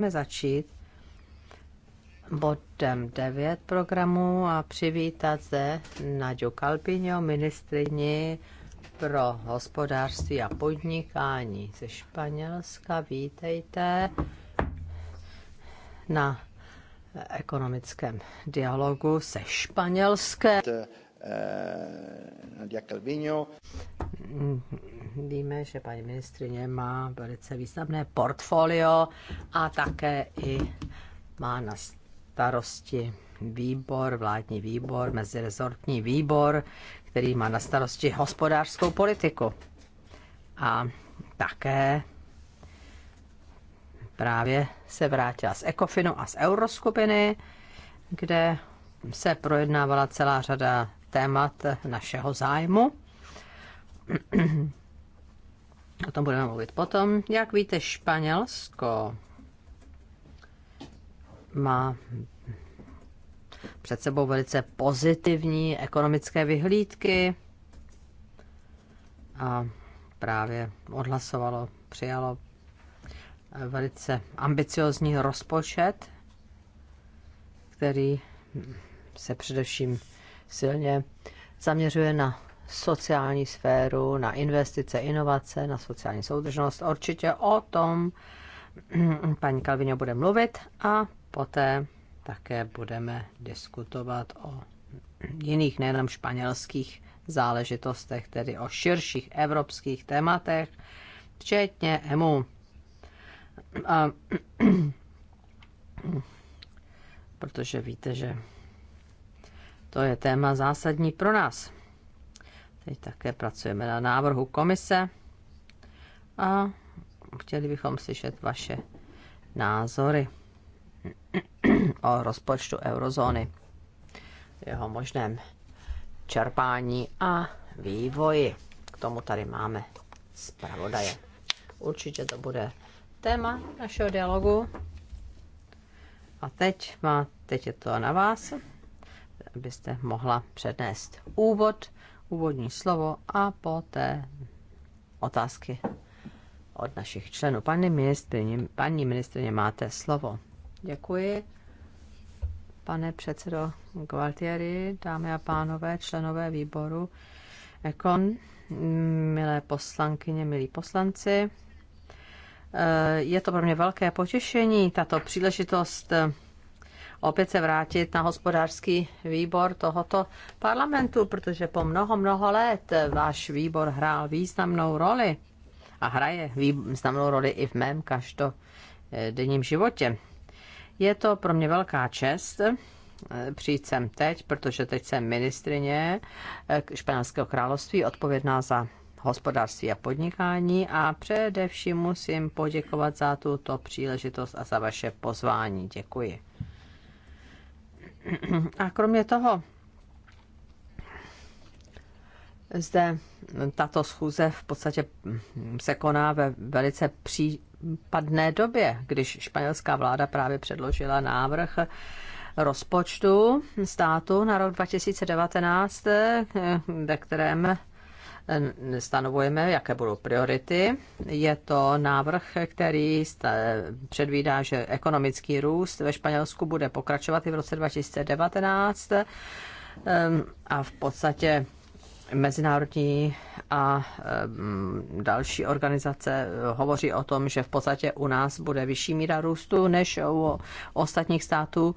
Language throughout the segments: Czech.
Můžeme začít bodem 9 programu a přivítat zde Naďu Kalpiňo, ministrini pro hospodářství a podnikání ze Španělska. Vítejte na ekonomickém dialogu se Španělskem. Eh, Nadia Calvino. Víme, že paní ministrině má velice významné portfolio a také i má na starosti výbor, vládní výbor, mezirezortní výbor, který má na starosti hospodářskou politiku. A také právě se vrátila z Ekofinu a z Euroskupiny, kde se projednávala celá řada témat našeho zájmu. O tom budeme mluvit potom. Jak víte, Španělsko má před sebou velice pozitivní ekonomické vyhlídky a právě odhlasovalo, přijalo velice ambiciozní rozpočet, který se především silně zaměřuje na sociální sféru, na investice, inovace, na sociální soudržnost. Určitě o tom paní Kalvině bude mluvit a poté také budeme diskutovat o jiných, nejenom španělských záležitostech, tedy o širších evropských tématech, včetně EMU. A, protože víte, že to je téma zásadní pro nás. Teď také pracujeme na návrhu komise a chtěli bychom slyšet vaše názory o rozpočtu eurozóny, jeho možném čerpání a vývoji. K tomu tady máme zpravodaje. Určitě to bude téma našeho dialogu. A teď, má, teď je to na vás byste mohla přednést úvod, úvodní slovo a poté otázky od našich členů. Paní ministrině, paní ministrině máte slovo. Děkuji. Pane předsedo Gualtieri, dámy a pánové, členové výboru Ekon, milé poslankyně, milí poslanci, eh, je to pro mě velké potěšení, tato příležitost opět se vrátit na hospodářský výbor tohoto parlamentu, protože po mnoho, mnoho let váš výbor hrál významnou roli a hraje významnou roli i v mém každodenním životě. Je to pro mě velká čest eh, přijít sem teď, protože teď jsem ministrině eh, Španělského království odpovědná za hospodářství a podnikání a především musím poděkovat za tuto příležitost a za vaše pozvání. Děkuji. A kromě toho, zde tato schůze v podstatě se koná ve velice případné době, když španělská vláda právě předložila návrh rozpočtu státu na rok 2019, ve kterém stanovujeme, jaké budou priority. Je to návrh, který předvídá, že ekonomický růst ve Španělsku bude pokračovat i v roce 2019 a v podstatě mezinárodní a další organizace hovoří o tom, že v podstatě u nás bude vyšší míra růstu než u ostatních států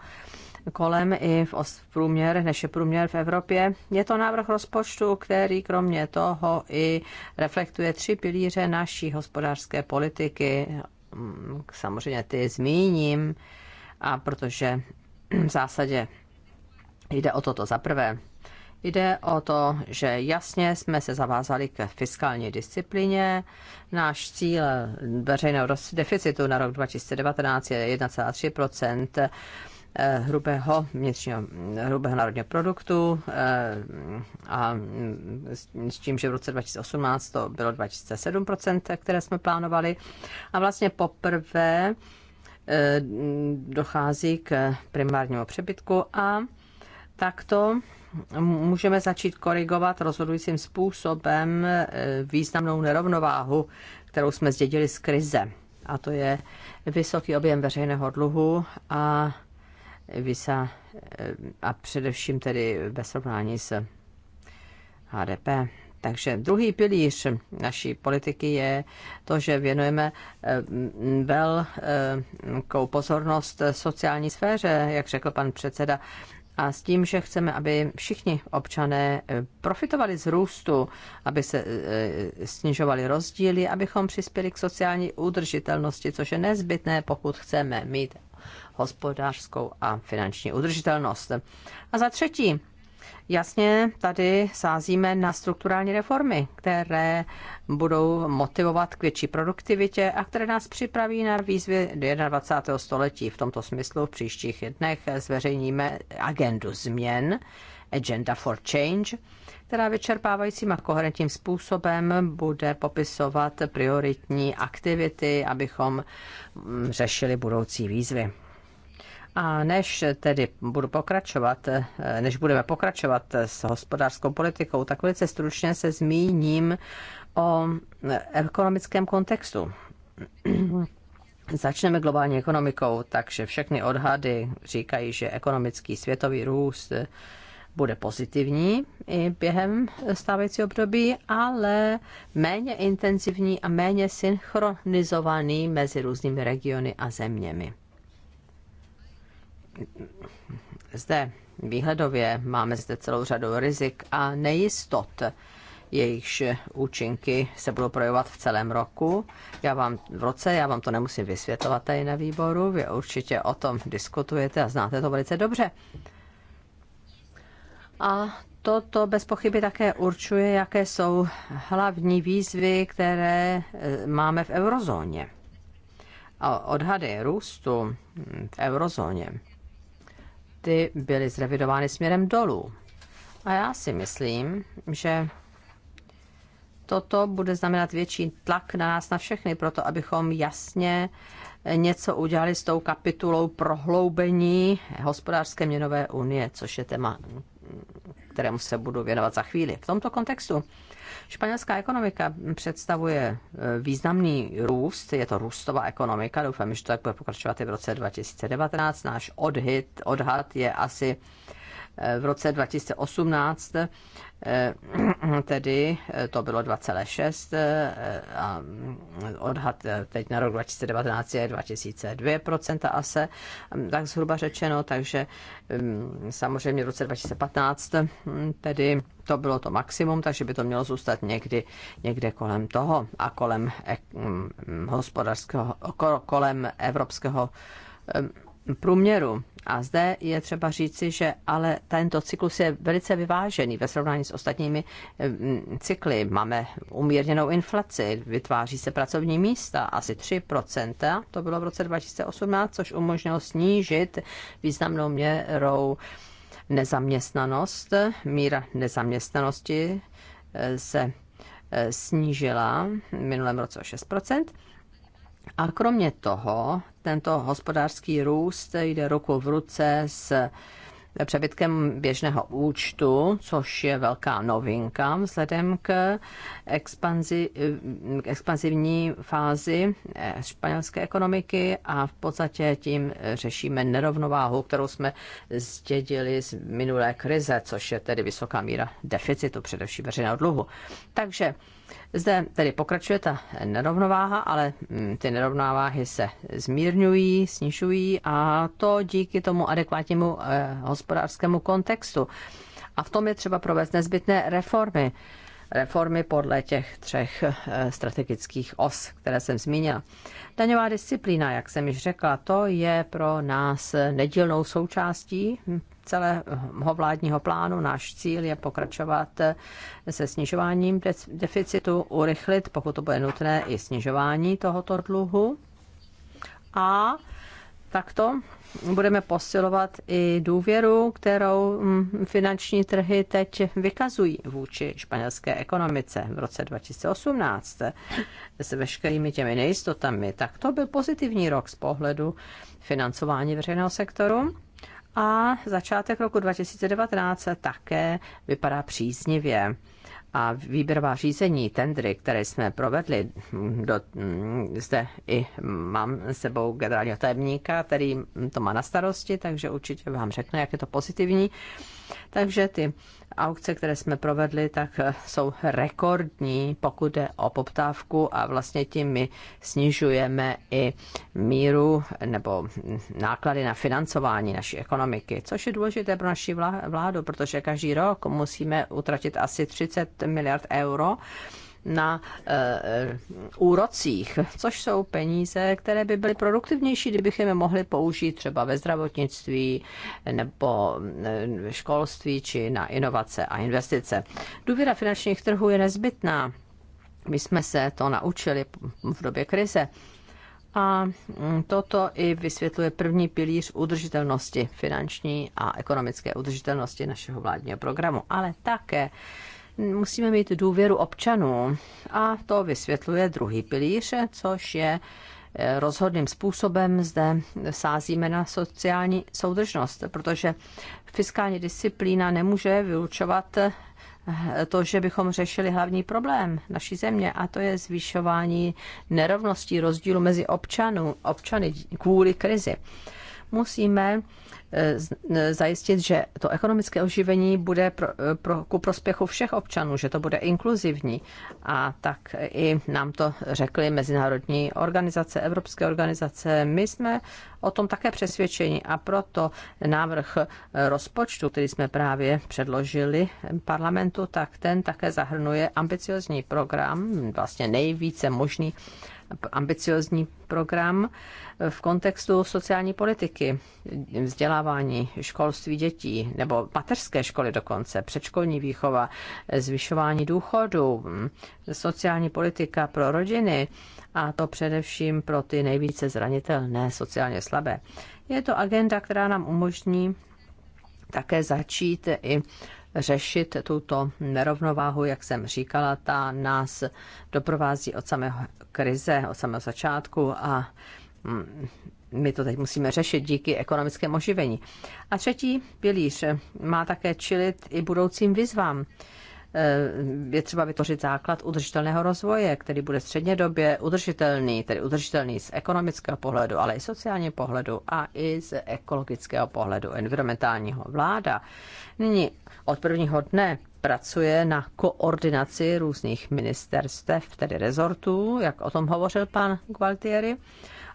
kolem i v, v průměr, než je průměr v Evropě. Je to návrh rozpočtu, který kromě toho i reflektuje tři pilíře naší hospodářské politiky. Mm, samozřejmě ty zmíním, a protože v zásadě jde o toto za prvé. Jde o to, že jasně jsme se zavázali k fiskální disciplině. Náš cíl veřejného deficitu na rok 2019 je 1,3 Eh, hrubého vnitřního, hrubého národního produktu eh, a s tím, že v roce 2018 to bylo 27%, které jsme plánovali. A vlastně poprvé eh, dochází k primárnímu přebytku a takto můžeme začít korigovat rozhodujícím způsobem významnou nerovnováhu, kterou jsme zdědili z krize. A to je vysoký objem veřejného dluhu a Visa eh, a především tedy ve srovnání s HDP. Takže druhý pilíř naší politiky je to, že věnujeme eh, velkou eh, pozornost sociální sféře, jak řekl pan předseda, a s tím, že chceme, aby všichni občané profitovali z růstu, aby se snižovali rozdíly, abychom přispěli k sociální udržitelnosti, což je nezbytné, pokud chceme mít hospodářskou a finanční udržitelnost. A za třetí, Jasně, tady sázíme na strukturální reformy, které budou motivovat k větší produktivitě a které nás připraví na výzvy 21. století. V tomto smyslu v příštích dnech zveřejníme agendu změn, Agenda for Change, která vyčerpávajícím a koherentním způsobem bude popisovat prioritní aktivity, abychom mm, řešili budoucí výzvy. A než tedy budu pokračovat, eh, než budeme pokračovat s hospodářskou politikou, tak velice stručně se zmíním o eh, ekonomickém kontextu. Začneme globální ekonomikou, takže všechny odhady říkají, že ekonomický světový růst bude pozitivní i během stávajícího období, ale méně intenzivní a méně synchronizovaný mezi různými regiony a zeměmi zde výhledově máme zde celou řadu rizik a nejistot, jejichž účinky se budou projevovat v celém roku. Já vám v roce, já vám to nemusím vysvětlovat tady na výboru, vy určitě o tom diskutujete a znáte to velice dobře. A toto bez pochyby také určuje, jaké jsou hlavní výzvy, které eh, máme v eurozóně. A odhady růstu v eurozóně ty byly zrevidovány směrem dolů. A já si myslím, že toto bude znamenat větší tlak na nás, na všechny, proto abychom jasně něco udělali s tou kapitulou prohloubení hospodářské měnové unie, což je téma, kterému se budu věnovat za chvíli. V tomto kontextu Španělská ekonomika představuje e, významný růst, je to růstová ekonomika, doufám, že to tak bude pokračovat i v roce 2019. Náš odhyt, odhad je asi Eh, v roce 2018 eh, tedy eh, to bylo 2,6 a mm, odhad teď na rok 2019 je 2,2 asi, mm, tak zhruba řečeno, takže mm, samozřejmě v roce 2015 tedy to bylo to maximum, takže by to mělo zůstat někdy, někde kolem toho a kolem hospodářského, kolem evropského průměru. A zde je třeba říci, že ale tento cyklus je velice vyvážený ve srovnání s ostatními mm, cykly. Máme umírněnou inflaci, vytváří se pracovní místa, asi 3%, to bylo v roce 2018, což umožnilo snížit významnou měrou nezaměstnanost. Míra nezaměstnanosti eh, se eh, snížila v minulém roce o 6%. A kromě toho, tento hospodářský růst jde ruku v ruce s přebytkem běžného účtu, což je velká novinka vzhledem k, expanzi, k eh, expanzivní fázi eh, španělské ekonomiky a v podstatě tím řešíme nerovnováhu, kterou jsme zdědili z minulé krize, což je tedy vysoká míra deficitu, především veřejného dluhu. Takže zde tedy pokračuje ta nerovnováha, ale mm, ty nerovnováhy se zmírňují, snižují a to díky tomu adekvátnímu eh, hospodářskému kontextu. A v tom je třeba provést nezbytné reformy. Reformy podle těch třech eh, strategických os, které jsem zmínila. Daňová disciplína, jak jsem již řekla, to je pro nás nedílnou součástí hm, celého vládního plánu. Náš cíl je pokračovat se snižováním deficitu, urychlit, pokud to bude nutné, i snižování tohoto dluhu. A takto budeme posilovat i důvěru, kterou mm, finanční trhy teď vykazují vůči španělské ekonomice v roce 2018 s veškerými těmi nejistotami. Tak to byl pozitivní rok z pohledu financování veřejného sektoru a začátek roku 2019 také vypadá příznivě a výběrová řízení, tendry, které jsme provedli, do, zde i mám s sebou generálního tajemníka, který to má na starosti, takže určitě vám řekne, jak je to pozitivní. Takže ty aukce, které jsme provedli, tak eh, jsou rekordní, pokud jde o poptávku a vlastně tím my snižujeme i míru nebo náklady na financování naší ekonomiky, což je důležité pro naši vládu, protože každý rok musíme utratit asi 30 miliard euro na e, úrocích, což jsou peníze, které by byly produktivnější, kdybychom je mohli použít třeba ve zdravotnictví nebo eh, školství či na inovace a investice. Důvěra finančních trhů je nezbytná. My jsme se to naučili v době krize. A mm, toto i vysvětluje první pilíř udržitelnosti finanční a ekonomické udržitelnosti našeho vládního programu, ale také musíme mít důvěru občanů. A to vysvětluje druhý pilíř, což je eh, rozhodným způsobem zde sázíme na sociální soudržnost, protože fiskální disciplína nemůže vylučovat eh, to, že bychom řešili hlavní problém naší země, a to je zvyšování nerovností rozdílu mezi občanů, občany kvůli krizi musíme eh, zajistit, že to ekonomické oživení bude pro, eh, pro, ku prospěchu všech občanů, že to bude inkluzivní. A tak i nám to řekly mezinárodní organizace, evropské organizace. My jsme o tom také přesvědčeni a proto návrh eh, rozpočtu, který jsme právě předložili parlamentu, tak ten také zahrnuje ambiciozní program, vlastně nejvíce možný ambiciozní program v kontextu sociální politiky, vzdělávání, školství dětí, nebo mateřské školy dokonce, předškolní výchova, zvyšování důchodu, sociální politika pro rodiny a to především pro ty nejvíce zranitelné sociálně slabé. Je to agenda, která nám umožní také začít i řešit tuto nerovnováhu, jak jsem říkala, ta nás doprovází od samého krize, od samého začátku a mm, my to teď musíme řešit díky ekonomickému oživení. A třetí pilíř má také čilit i budoucím výzvám. Eh, je třeba vytvořit základ udržitelného rozvoje, který bude střednědobě udržitelný, tedy udržitelný z ekonomického pohledu, ale i sociálního pohledu a i z ekologického pohledu, environmentálního. Vláda nyní od prvního dne pracuje na koordinaci různých ministerstev, tedy rezortů, jak o tom hovořil pan Gualtieri,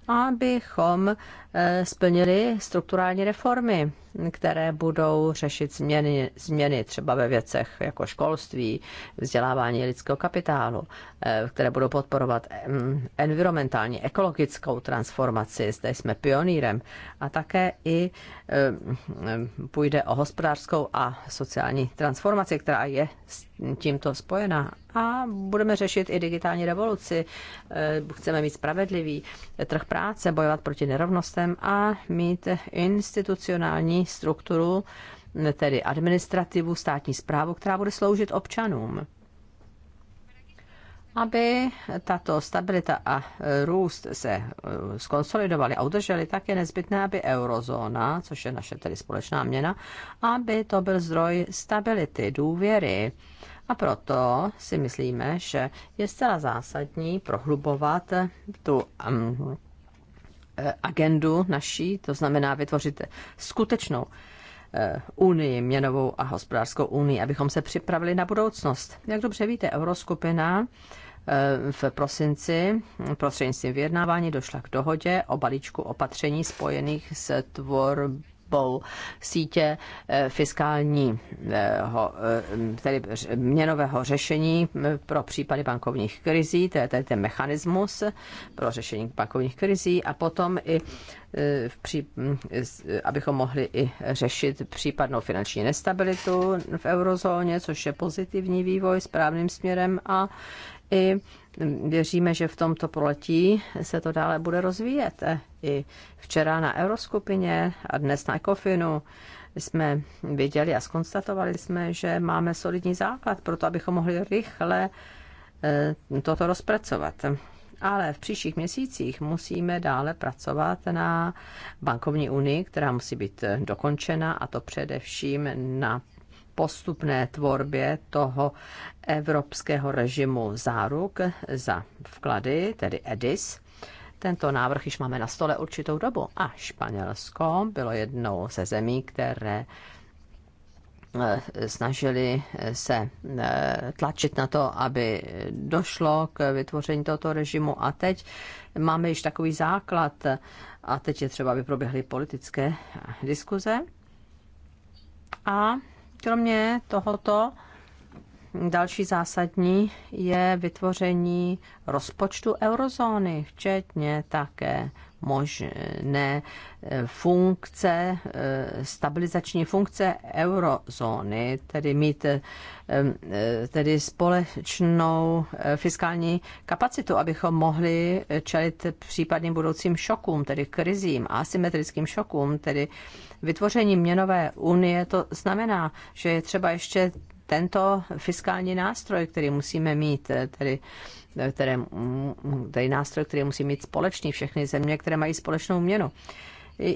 abychom Eh, splnili strukturální reformy, které budou řešit změny, změny třeba ve věcech jako školství, vzdělávání lidského kapitálu, eh, které budou podporovat environmentální, ekologickou transformaci. Zde jsme pionýrem. A také i eh, půjde o hospodářskou a sociální transformaci, která je tímto spojená. A budeme řešit i digitální revoluci. Chceme mít spravedlivý trh práce, bojovat proti nerovnostem systém a mít institucionální strukturu, tedy administrativu, státní zprávu, která bude sloužit občanům. Aby tato stabilita a růst se eh, skonsolidovaly a udržely, tak je nezbytné, aby eurozóna, což je naše tedy společná měna, aby to byl zdroj stability, důvěry. A proto si myslíme, že je zcela zásadní prohlubovat tu um, Eh, agendu naší, to znamená vytvořit skutečnou eh, unii, měnovou a hospodářskou unii, abychom se připravili na budoucnost. Jak dobře víte, euroskupina eh, v prosinci prostřednictvím vyjednávání došla k dohodě o balíčku opatření spojených s tvorbou vazbou sítě eh, fiskální, eh, tedy měnového řešení eh, pro případy bankovních krizí, to je tedy ten mechanismus pro řešení bankovních krizí a potom i v pří, hm, abychom mohli i řešit případnou finanční nestabilitu v eurozóně, což je pozitivní vývoj správným směrem a i věříme, že v tomto proletí se to dále bude rozvíjet. I včera na Euroskupině a dnes na Kofinu jsme viděli a skonstatovali jsme, že máme solidní základ pro to, abychom mohli rychle eh, toto rozpracovat. Ale v příštích měsících musíme dále pracovat na bankovní unii, která musí být dokončena, a to především na postupné tvorbě toho evropského režimu záruk za vklady, tedy EDIS. Tento návrh již máme na stole určitou dobu a Španělsko bylo jednou ze zemí, které eh, snažili se eh, tlačit na to, aby došlo k vytvoření tohoto režimu a teď máme již takový základ a teď je třeba, aby proběhly politické diskuze a Kromě tohoto další zásadní je vytvoření rozpočtu eurozóny, včetně také možné eh, funkce, eh, stabilizační funkce eurozóny, tedy mít eh, tedy společnou fiskální kapacitu, abychom mohli čelit případným budoucím šokům, tedy krizím a asymetrickým šokům, tedy vytvoření měnové unie, to znamená, že je třeba ještě tento fiskální nástroj, který musíme mít, tedy které, tedy nástroj, který musí mít společný všechny země, které mají společnou měnu.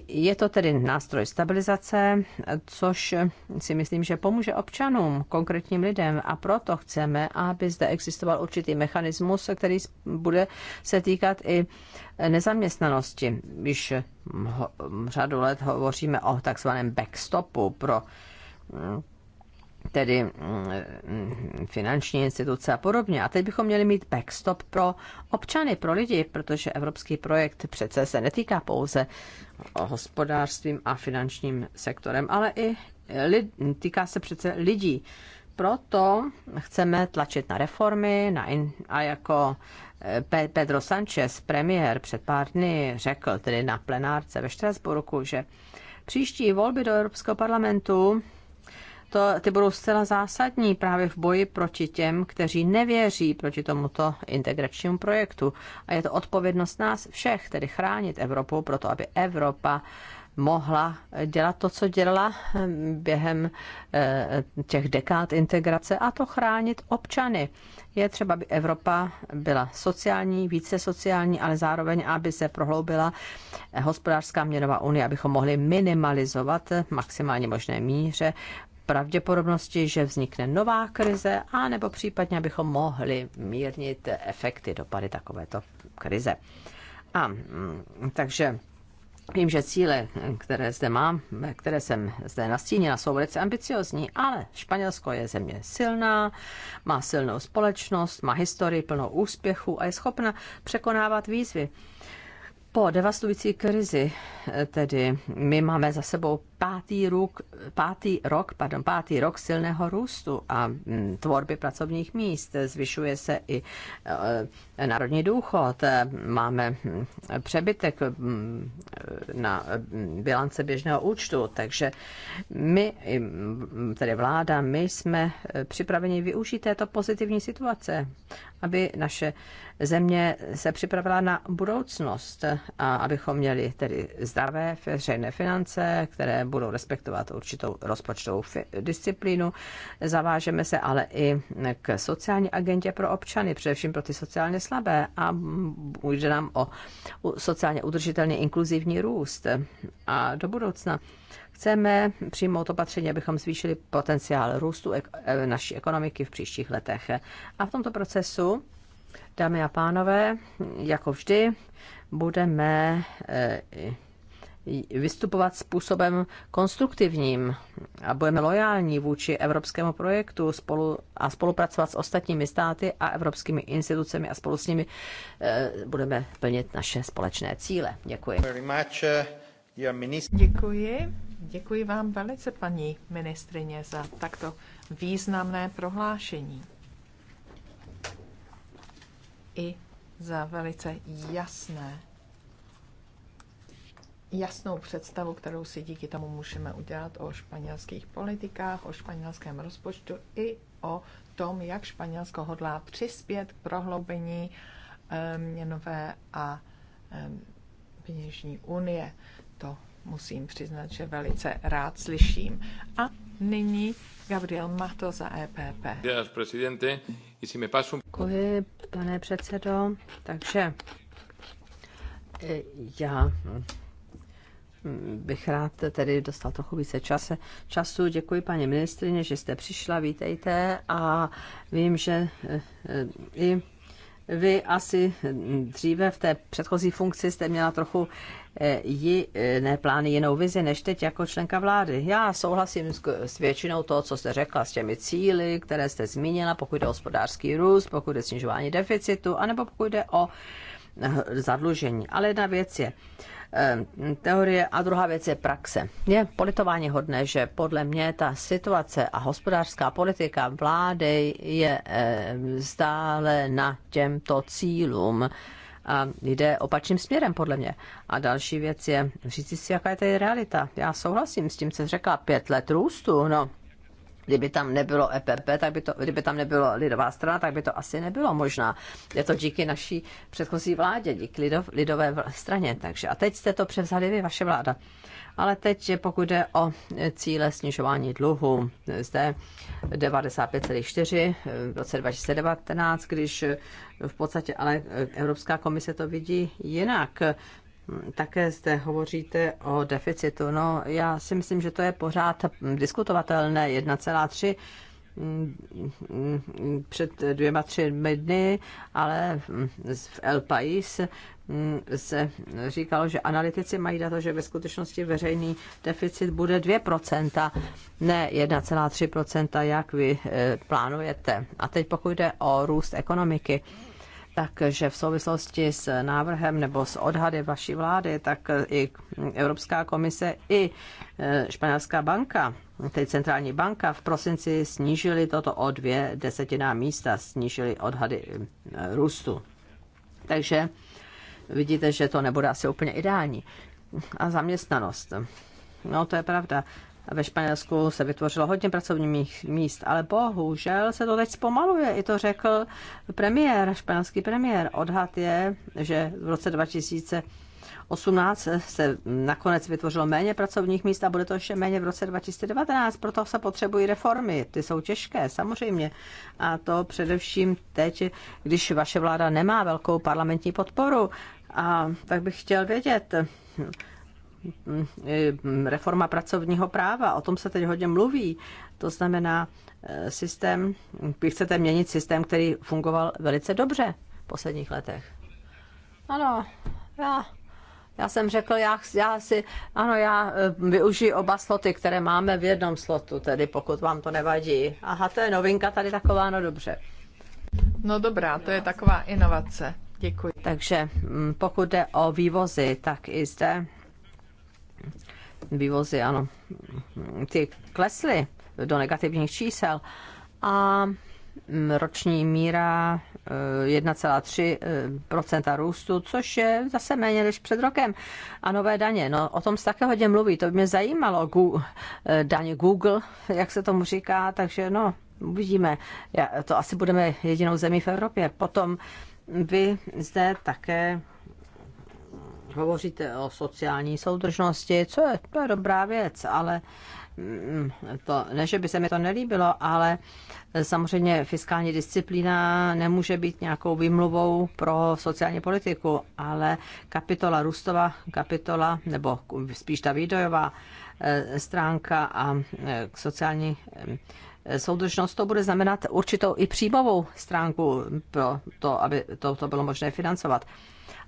Je to tedy nástroj stabilizace, což si myslím, že pomůže občanům, konkrétním lidem a proto chceme, aby zde existoval určitý mechanismus, který bude se týkat i nezaměstnanosti. Když řadu let hovoříme o takzvaném backstopu pro tedy mm, finanční instituce a podobně. A teď bychom měli mít backstop pro občany, pro lidi, protože evropský projekt přece se netýká pouze hospodářstvím a finančním sektorem, ale i lid, týká se přece lidí. Proto chceme tlačit na reformy na in, a jako eh, Pedro Sanchez, premiér, před pár dny řekl tedy na plenárce ve Štrasburku, že příští volby do Evropského parlamentu to, ty budou zcela zásadní právě v boji proti těm, kteří nevěří proti tomuto integračnímu projektu. A je to odpovědnost nás všech, tedy chránit Evropu, proto aby Evropa mohla dělat to, co dělala ehm, během eh, těch dekád integrace, a to chránit občany. Je třeba, aby Evropa byla sociální, více sociální, ale zároveň, aby se prohloubila hospodářská měnová unie, abychom mohli minimalizovat maximálně možné míře pravděpodobnosti, že vznikne nová krize, a nebo případně, abychom mohli mírnit efekty, dopady takovéto krize. A mm, takže Vím, že cíle, které zde mám, které jsem zde nastínila, jsou velice ambiciozní, ale Španělsko je země silná, má silnou společnost, má historii plnou úspěchu a je schopna překonávat výzvy. Po devastující krizi, eh, tedy my máme za sebou pátý, ruk, pátý rok, pardon, pátý rok silného růstu a mm, tvorby pracovních míst. Zvyšuje se i eh, národní důchod, máme mm, přebytek mm, na bilance běžného účtu, takže my, tedy vláda, my jsme eh, připraveni využít této pozitivní situace, aby naše země se připravila na budoucnost a abychom měli tedy zdravé veřejné finance, které budou respektovat určitou rozpočtovou disciplínu. Zavážeme se ale i k sociální agentě pro občany, především pro ty sociálně slabé a jde nám o sociálně udržitelný inkluzivní růst. A do budoucna chceme přijmout opatření, abychom zvýšili potenciál růstu e- naší ekonomiky v příštích letech. A v tomto procesu Dámy a pánové, jako vždy budeme eh, vystupovat způsobem konstruktivním a budeme lojální vůči evropskému projektu spolu a spolupracovat s ostatními státy a evropskými institucemi a spolu s nimi eh, budeme plnit naše společné cíle. Děkuji. Eh, Děkuji. Děkuji vám velice, paní ministrině, za takto významné prohlášení i za velice jasné, jasnou představu, kterou si díky tomu můžeme udělat o španělských politikách, o španělském rozpočtu i o tom, jak Španělsko hodlá přispět k prohloubení eh, měnové a eh, peněžní unie. To musím přiznat, že velice rád slyším. A nyní Gabriel Mato za EPP. Děkuji, Děkuji, pane předsedo. Takže e, já no, bych rád tedy dostal trochu více čase, času. Děkuji paní ministrině, že jste přišla, vítejte a vím, že e, e, i vy asi dříve v té předchozí funkci jste měla trochu eh, jiné plány, jinou vizi než teď jako členka vlády. Já souhlasím s, většinou toho, co jste řekla, s těmi cíly, které jste zmínila, pokud jde o hospodářský růst, pokud jde o snižování deficitu, anebo pokud jde o eh, zadlužení. Ale jedna věc je, Ehm, teorie a druhá věc je praxe. Je politování hodné, že podle mě ta situace a hospodářská politika vlády je ehm, stále na těmto cílům a jde opačným směrem, podle mě. A další věc je říct si, jaká je tady realita. Já souhlasím s tím, co řekla, pět let růstu, no, Kdyby tam nebylo EPP, tak by to, kdyby tam nebylo lidová strana, tak by to asi nebylo možná. Je to díky naší předchozí vládě, díky lidov, lidové straně. Takže a teď jste to převzali vy, vaše vláda. Ale teď, pokud jde o cíle snižování dluhu, zde 95,4 v roce 2019, když v podstatě ale Evropská komise to vidí jinak. Také zde hovoříte o deficitu. No, já si myslím, že to je pořád diskutovatelné 1,3 mm, mm, před dvěma, třemi dny, ale v El Pais mm, se říkalo, že analytici mají data, že ve skutečnosti veřejný deficit bude 2%, ne 1,3%, jak vy eh, plánujete. A teď pokud jde o růst ekonomiky, takže v souvislosti s návrhem nebo s odhady vaší vlády, tak i Evropská komise, i e, Španělská banka, tedy centrální banka, v prosinci snížili toto o dvě desetiná místa, snížili odhady e, růstu. Takže vidíte, že to nebude asi úplně ideální. A zaměstnanost. No, to je pravda. Ve Španělsku se vytvořilo hodně pracovních míst, ale bohužel se to teď zpomaluje. I to řekl premiér, španělský premiér. Odhad je, že v roce 2000 18 se nakonec vytvořilo méně pracovních míst a bude to ještě méně v roce 2019, proto se potřebují reformy. Ty jsou těžké, samozřejmě. A to především teď, když vaše vláda nemá velkou parlamentní podporu. A tak bych chtěl vědět, Eh, reforma pracovního práva, o tom se teď hodně mluví. To znamená, eh, systém, vy chcete měnit systém, který fungoval velice dobře v posledních letech. Ano, já, já jsem řekl, já, já si, ano, já eh, využiji oba sloty, které máme v jednom slotu, tedy pokud vám to nevadí. Aha, to je novinka tady taková, no dobře. No dobrá, to je taková inovace. Děkuji. Takže mm, pokud jde o vývozy, tak i zde vývozy, ano, ty klesly do negativních čísel a mm, roční míra 1,3% eh, růstu, což je zase méně než před rokem. A nové daně, no o tom se také hodně mluví, to by mě zajímalo, Gu, eh, daň Google, jak se tomu říká, takže no, uvidíme. To asi budeme jedinou zemí v Evropě. Potom vy zde také hovoříte o sociální soudržnosti, co je, to je dobrá věc, ale mm, to, ne, že by se mi to nelíbilo, ale samozřejmě fiskální disciplína nemůže být nějakou výmluvou pro sociální politiku, ale kapitola růstová, kapitola, nebo spíš ta výdojová eh, stránka a eh, sociální eh, soudržnost, to bude znamenat určitou i příjmovou stránku pro to, aby to, to bylo možné financovat.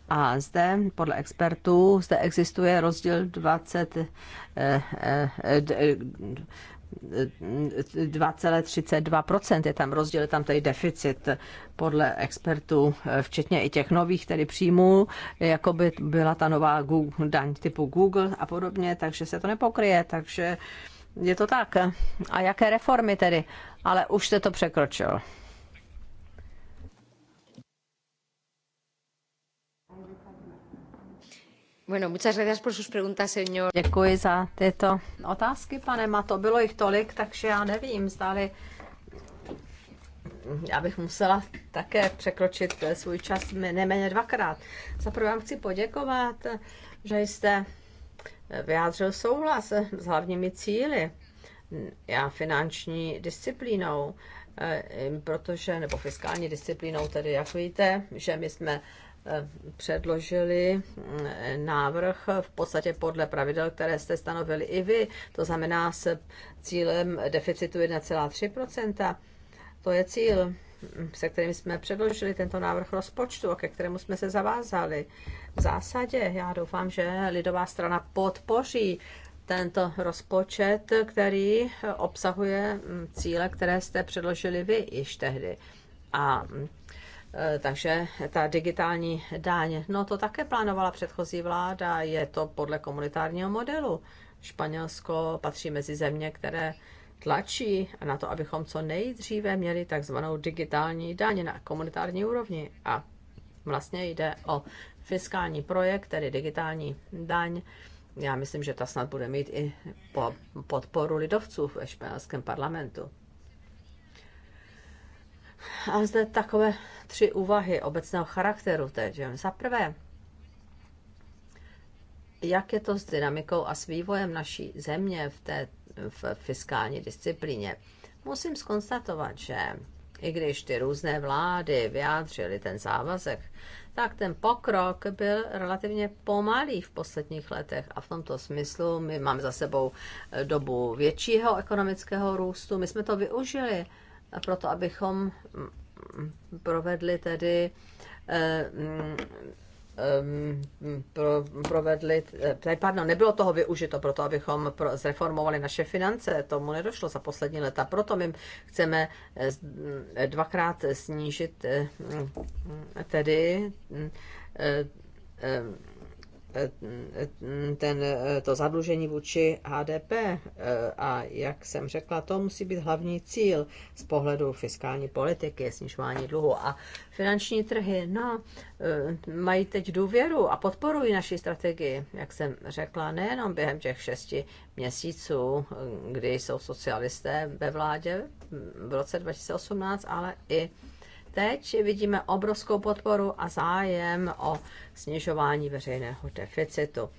A zde, podle expertů, zde existuje rozdíl 20, 2,32%. Eh, eh, eh, je tam rozdíl, je tam tady deficit podle expertů, včetně i těch nových tedy příjmů, jako by byla ta nová Google, daň typu Google a podobně, takže se to nepokryje, takže je to tak. A jaké reformy tedy? Ale už se to překročil. Děkuji za tyto otázky, pane Mato. Bylo jich tolik, takže já nevím, zdali já bych musela také překročit svůj čas neméně dvakrát. Za prvé vám chci poděkovat, že jste vyjádřil souhlas s hlavními cíly já finanční disciplínou, eh, protože, nebo fiskální disciplínou, tedy jak víte, že my jsme předložili mm, návrh v podstatě podle pravidel, které jste stanovili i vy, to znamená s cílem deficitu 1,3 To je cíl, se kterým jsme předložili tento návrh rozpočtu a ke kterému jsme se zavázali. V zásadě já doufám, že lidová strana podpoří tento rozpočet, který obsahuje mm, cíle, které jste předložili vy již tehdy. A Eh, takže ta digitální daň, no to také plánovala předchozí vláda, je to podle komunitárního modelu. Španělsko patří mezi země, které tlačí na to, abychom co nejdříve měli takzvanou digitální daň na komunitární úrovni. A vlastně jde o fiskální projekt, tedy digitální daň. Já myslím, že ta snad bude mít i podporu lidovců ve španělském parlamentu. A zde takové tři úvahy obecného charakteru teď. Za prvé, jak je to s dynamikou a s vývojem naší země v té v fiskální disciplíně. Musím skonstatovat, že i když ty různé vlády vyjádřily ten závazek, tak ten pokrok byl relativně pomalý v posledních letech a v tomto smyslu my máme za sebou dobu většího ekonomického růstu. My jsme to využili proto abychom mm, mm, provedli tedy eh, mm, provedli, eh, pardon, nebylo toho využito proto, abychom zreformovali naše finance, tomu nedošlo za poslední leta, proto my chceme eh, dvakrát snížit tedy ten, to zadlužení vůči HDP a jak jsem řekla, to musí být hlavní cíl z pohledu fiskální politiky, snižování dluhu a finanční trhy, no, mají teď důvěru a podporují naši strategii, jak jsem řekla, nejenom během těch šesti měsíců, kdy jsou socialisté ve vládě v roce 2018, ale i teď vidíme obrovskou podporu a zájem o snižování veřejného deficitu.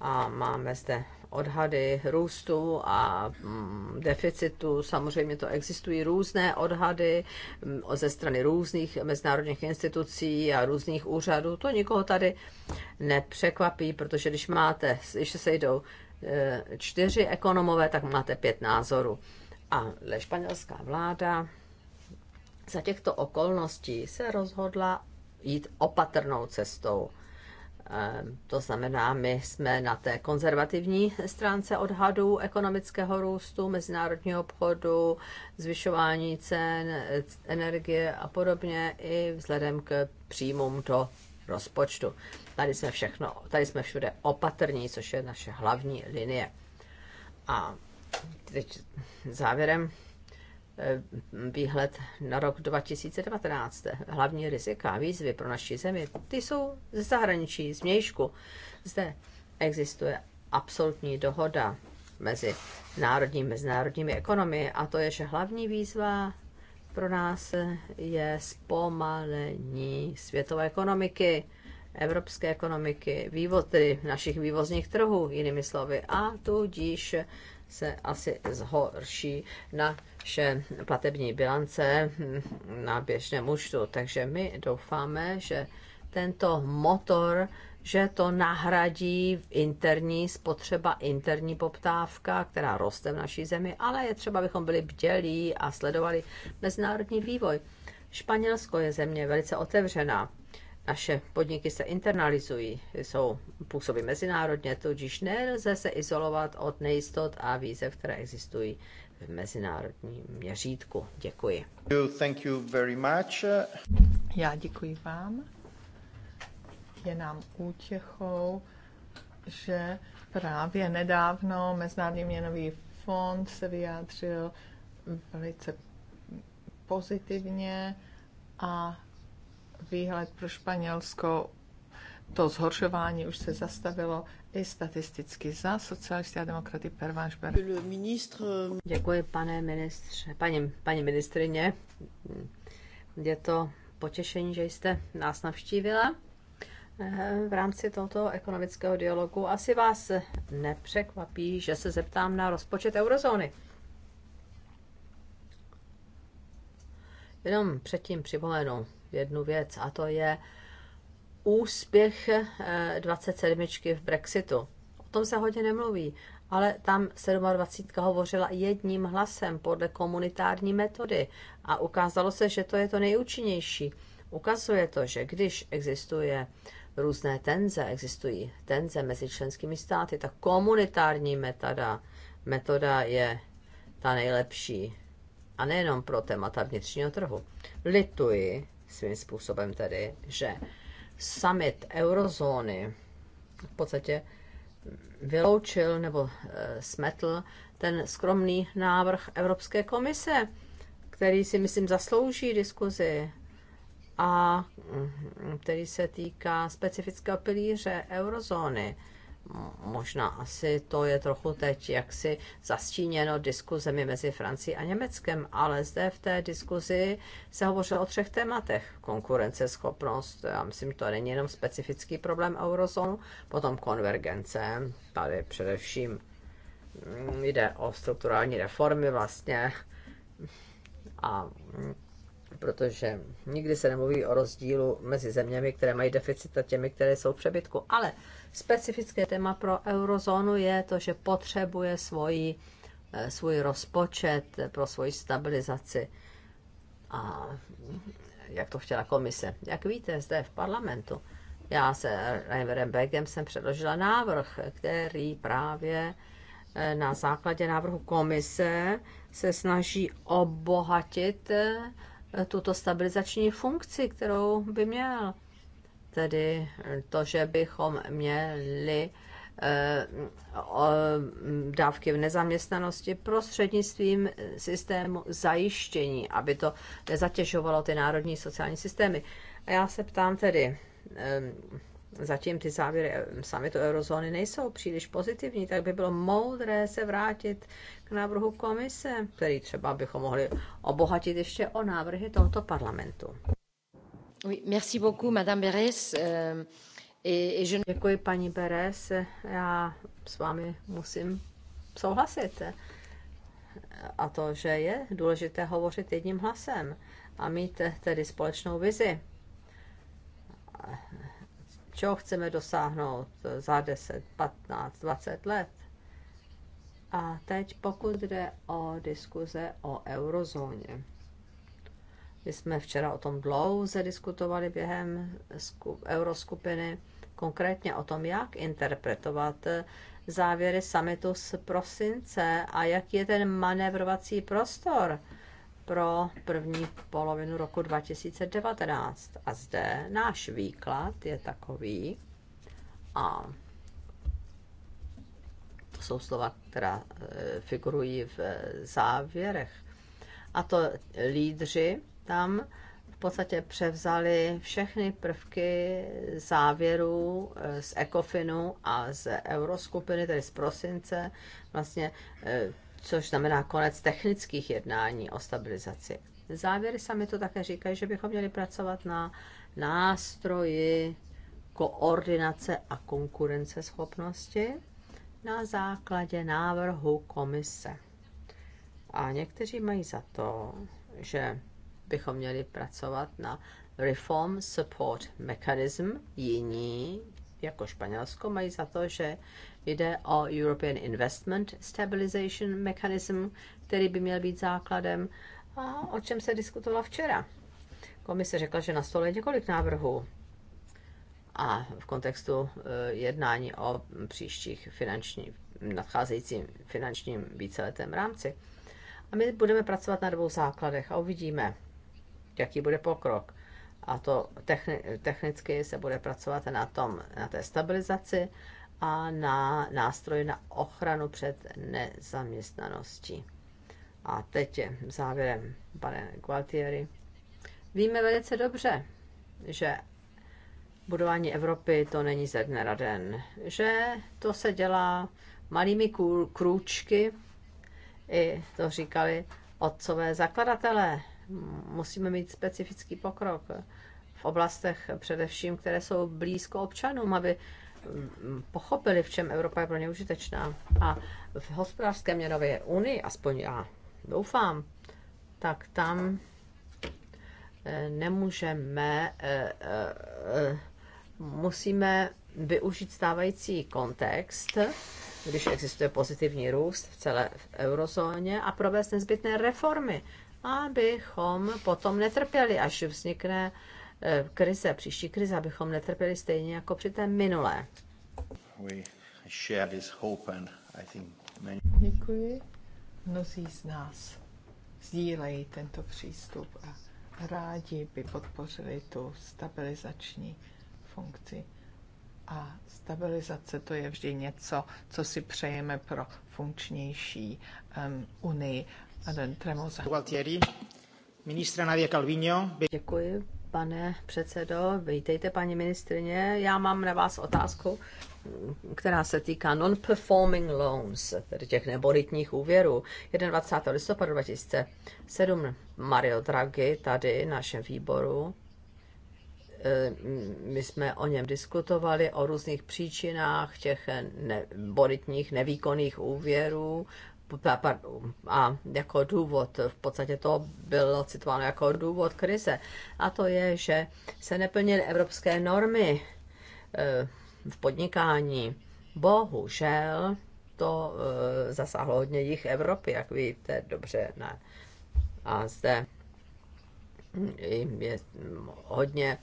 A máme zde odhady růstu a mm, deficitu. Samozřejmě to existují různé odhady mm, ze strany různých mezinárodních institucí a různých úřadů. To nikoho tady nepřekvapí, protože když máte, když se sejdou e, čtyři ekonomové, tak máte pět názorů. A španělská vláda za těchto okolností se rozhodla jít opatrnou cestou. Ehm, to znamená, my jsme na té konzervativní stránce odhadů ekonomického růstu, mezinárodního obchodu, zvyšování cen, energie a podobně i vzhledem k příjmům do rozpočtu. Tady jsme všechno, tady jsme všude opatrní, což je naše hlavní linie. A teď závěrem Eh, výhled na rok 2019. Hlavní rizika a výzvy pro naši zemi, ty jsou ze zahraničí, z mějšku. Zde existuje absolutní dohoda mezi národními a mezinárodními ekonomii a to je, že hlavní výzva pro nás je zpomalení světové ekonomiky, evropské ekonomiky, vývod, našich vývozních trhů, jinými slovy, a tudíž se asi zhorší naše platební bilance na běžném účtu. Takže my doufáme, že tento motor, že to nahradí v interní spotřeba, interní poptávka, která roste v naší zemi, ale je třeba, abychom byli bdělí a sledovali mezinárodní vývoj. Španělsko je země velice otevřená naše podniky se internalizují, jsou působí mezinárodně, tudíž nelze se izolovat od nejistot a výzev, které existují v mezinárodním měřítku. Děkuji. Thank you very much. Já děkuji vám. Je nám útěchou, že právě nedávno Mezinárodní měnový fond se vyjádřil velice pozitivně a výhled pro Španělsko, to zhoršování už se zastavilo i statisticky za socialisty a demokraty Perváš Děkuji, pane ministře, paní, paní ministrině. Je to potěšení, že jste nás navštívila eh, v rámci tohoto ekonomického dialogu. Asi vás nepřekvapí, že se zeptám na rozpočet eurozóny. Jenom předtím připomenu, jednu věc a to je úspěch 27. Eh, v Brexitu. O tom se hodně nemluví, ale tam 27. hovořila jedním hlasem podle komunitární metody a ukázalo se, že to je to nejúčinnější. Ukazuje to, že když existuje různé tenze, existují tenze mezi členskými státy, tak komunitární metoda, metoda je ta nejlepší. A nejenom pro témata vnitřního trhu. Lituji, svým způsobem tedy, že summit eurozóny v podstatě vyloučil nebo eh, smetl ten skromný návrh Evropské komise, který si myslím zaslouží diskuzi a mm, který se týká specifického pilíře eurozóny možná asi to je trochu teď jaksi zastíněno diskuzemi mezi Francií a Německem, ale zde v té diskuzi se hovořilo o třech tématech. Konkurenceschopnost, já myslím, to není jenom specifický problém eurozónu, potom konvergence, tady především mm, jde o strukturální reformy vlastně a mm, protože nikdy se nemluví o rozdílu mezi zeměmi, které mají deficit a těmi, které jsou v přebytku. Ale specifické téma pro eurozónu je to, že potřebuje svoji, eh, svůj rozpočet pro svoji stabilizaci. A jak to chtěla komise. Jak víte, zde v parlamentu já se Reimerem Begem jsem předložila návrh, který právě eh, na základě návrhu komise se snaží obohatit eh, tuto stabilizační funkci, kterou by měl. Tedy to, že bychom měli eh, dávky v nezaměstnanosti prostřednictvím systému zajištění, aby to nezatěžovalo ty národní sociální systémy. A já se ptám tedy, eh, zatím ty závěry eh, samitu eurozóny nejsou příliš pozitivní, tak by bylo moudré se vrátit k návrhu komise, který třeba bychom mohli obohatit ještě o návrhy tohoto parlamentu. Oui, merci beaucoup, Madame Beres. Euh, Děkuji, paní Beres. Já s vámi musím souhlasit. A to, že je důležité hovořit jedním hlasem a mít tedy společnou vizi čeho chceme dosáhnout za 10, 15, 20 let. A teď pokud jde o diskuze o eurozóně. My jsme včera o tom dlouze diskutovali během euroskupiny, konkrétně o tom, jak interpretovat závěry summitu z prosince a jaký je ten manevrovací prostor pro první polovinu roku 2019. A zde náš výklad je takový, a to jsou slova, která eh, figurují v eh, závěrech. A to lídři tam v podstatě převzali všechny prvky závěrů eh, z ECOFINu a z euroskupiny, tedy z prosince. Vlastně což znamená konec technických jednání o stabilizaci. Závěry sami to také říkají, že bychom měli pracovat na nástroji koordinace a konkurenceschopnosti na základě návrhu komise. A někteří mají za to, že bychom měli pracovat na Reform Support Mechanism, jiní jako Španělsko mají za to, že jde o European Investment Stabilization Mechanism, který by měl být základem, a o čem se diskutovala včera. Komise řekla, že na stole je několik návrhů a v kontextu eh, jednání o příštích finanční, nadcházejícím finančním víceletém rámci. A my budeme pracovat na dvou základech a uvidíme, jaký bude pokrok a to technicky se bude pracovat na, tom, na té stabilizaci a na nástroj na ochranu před nezaměstnaností. A teď je závěrem, pane Gualtieri. Víme velice dobře, že budování Evropy to není ze dne na den, že to se dělá malými krůčky, i to říkali otcové zakladatelé musíme mít specifický pokrok v oblastech především, které jsou blízko občanům, aby mm, pochopili, v čem Evropa je pro ně užitečná. A v hospodářské měnové unii, aspoň já doufám, tak tam eh, nemůžeme, eh, eh, musíme využít stávající kontext, když existuje pozitivní růst v celé eurozóně a provést nezbytné reformy abychom potom netrpěli, až vznikne eh, krize, příští krize, abychom netrpěli stejně jako při té minulé. Děkuji. Mnozí z nás sdílejí tento přístup a rádi by podpořili tu stabilizační funkci. A stabilizace to je vždy něco, co si přejeme pro funkčnější um, unii. Tremosa. ministra Nadia Calvino. Děkuji, pane předsedo. Vítejte, paní ministrině. Já mám na vás otázku, která se týká non-performing loans, tedy těch neboritních úvěrů. 21. listopadu 2007 Mario Draghi tady v našem výboru eh, my jsme o něm diskutovali, o různých příčinách těch ne, boritních nevýkonných úvěrů a jako důvod, v podstatě to bylo citováno jako důvod krize, a to je, že se neplnily evropské normy e, v podnikání. Bohužel to e, zasáhlo hodně jich Evropy, jak víte, dobře, ne. A zde je hodně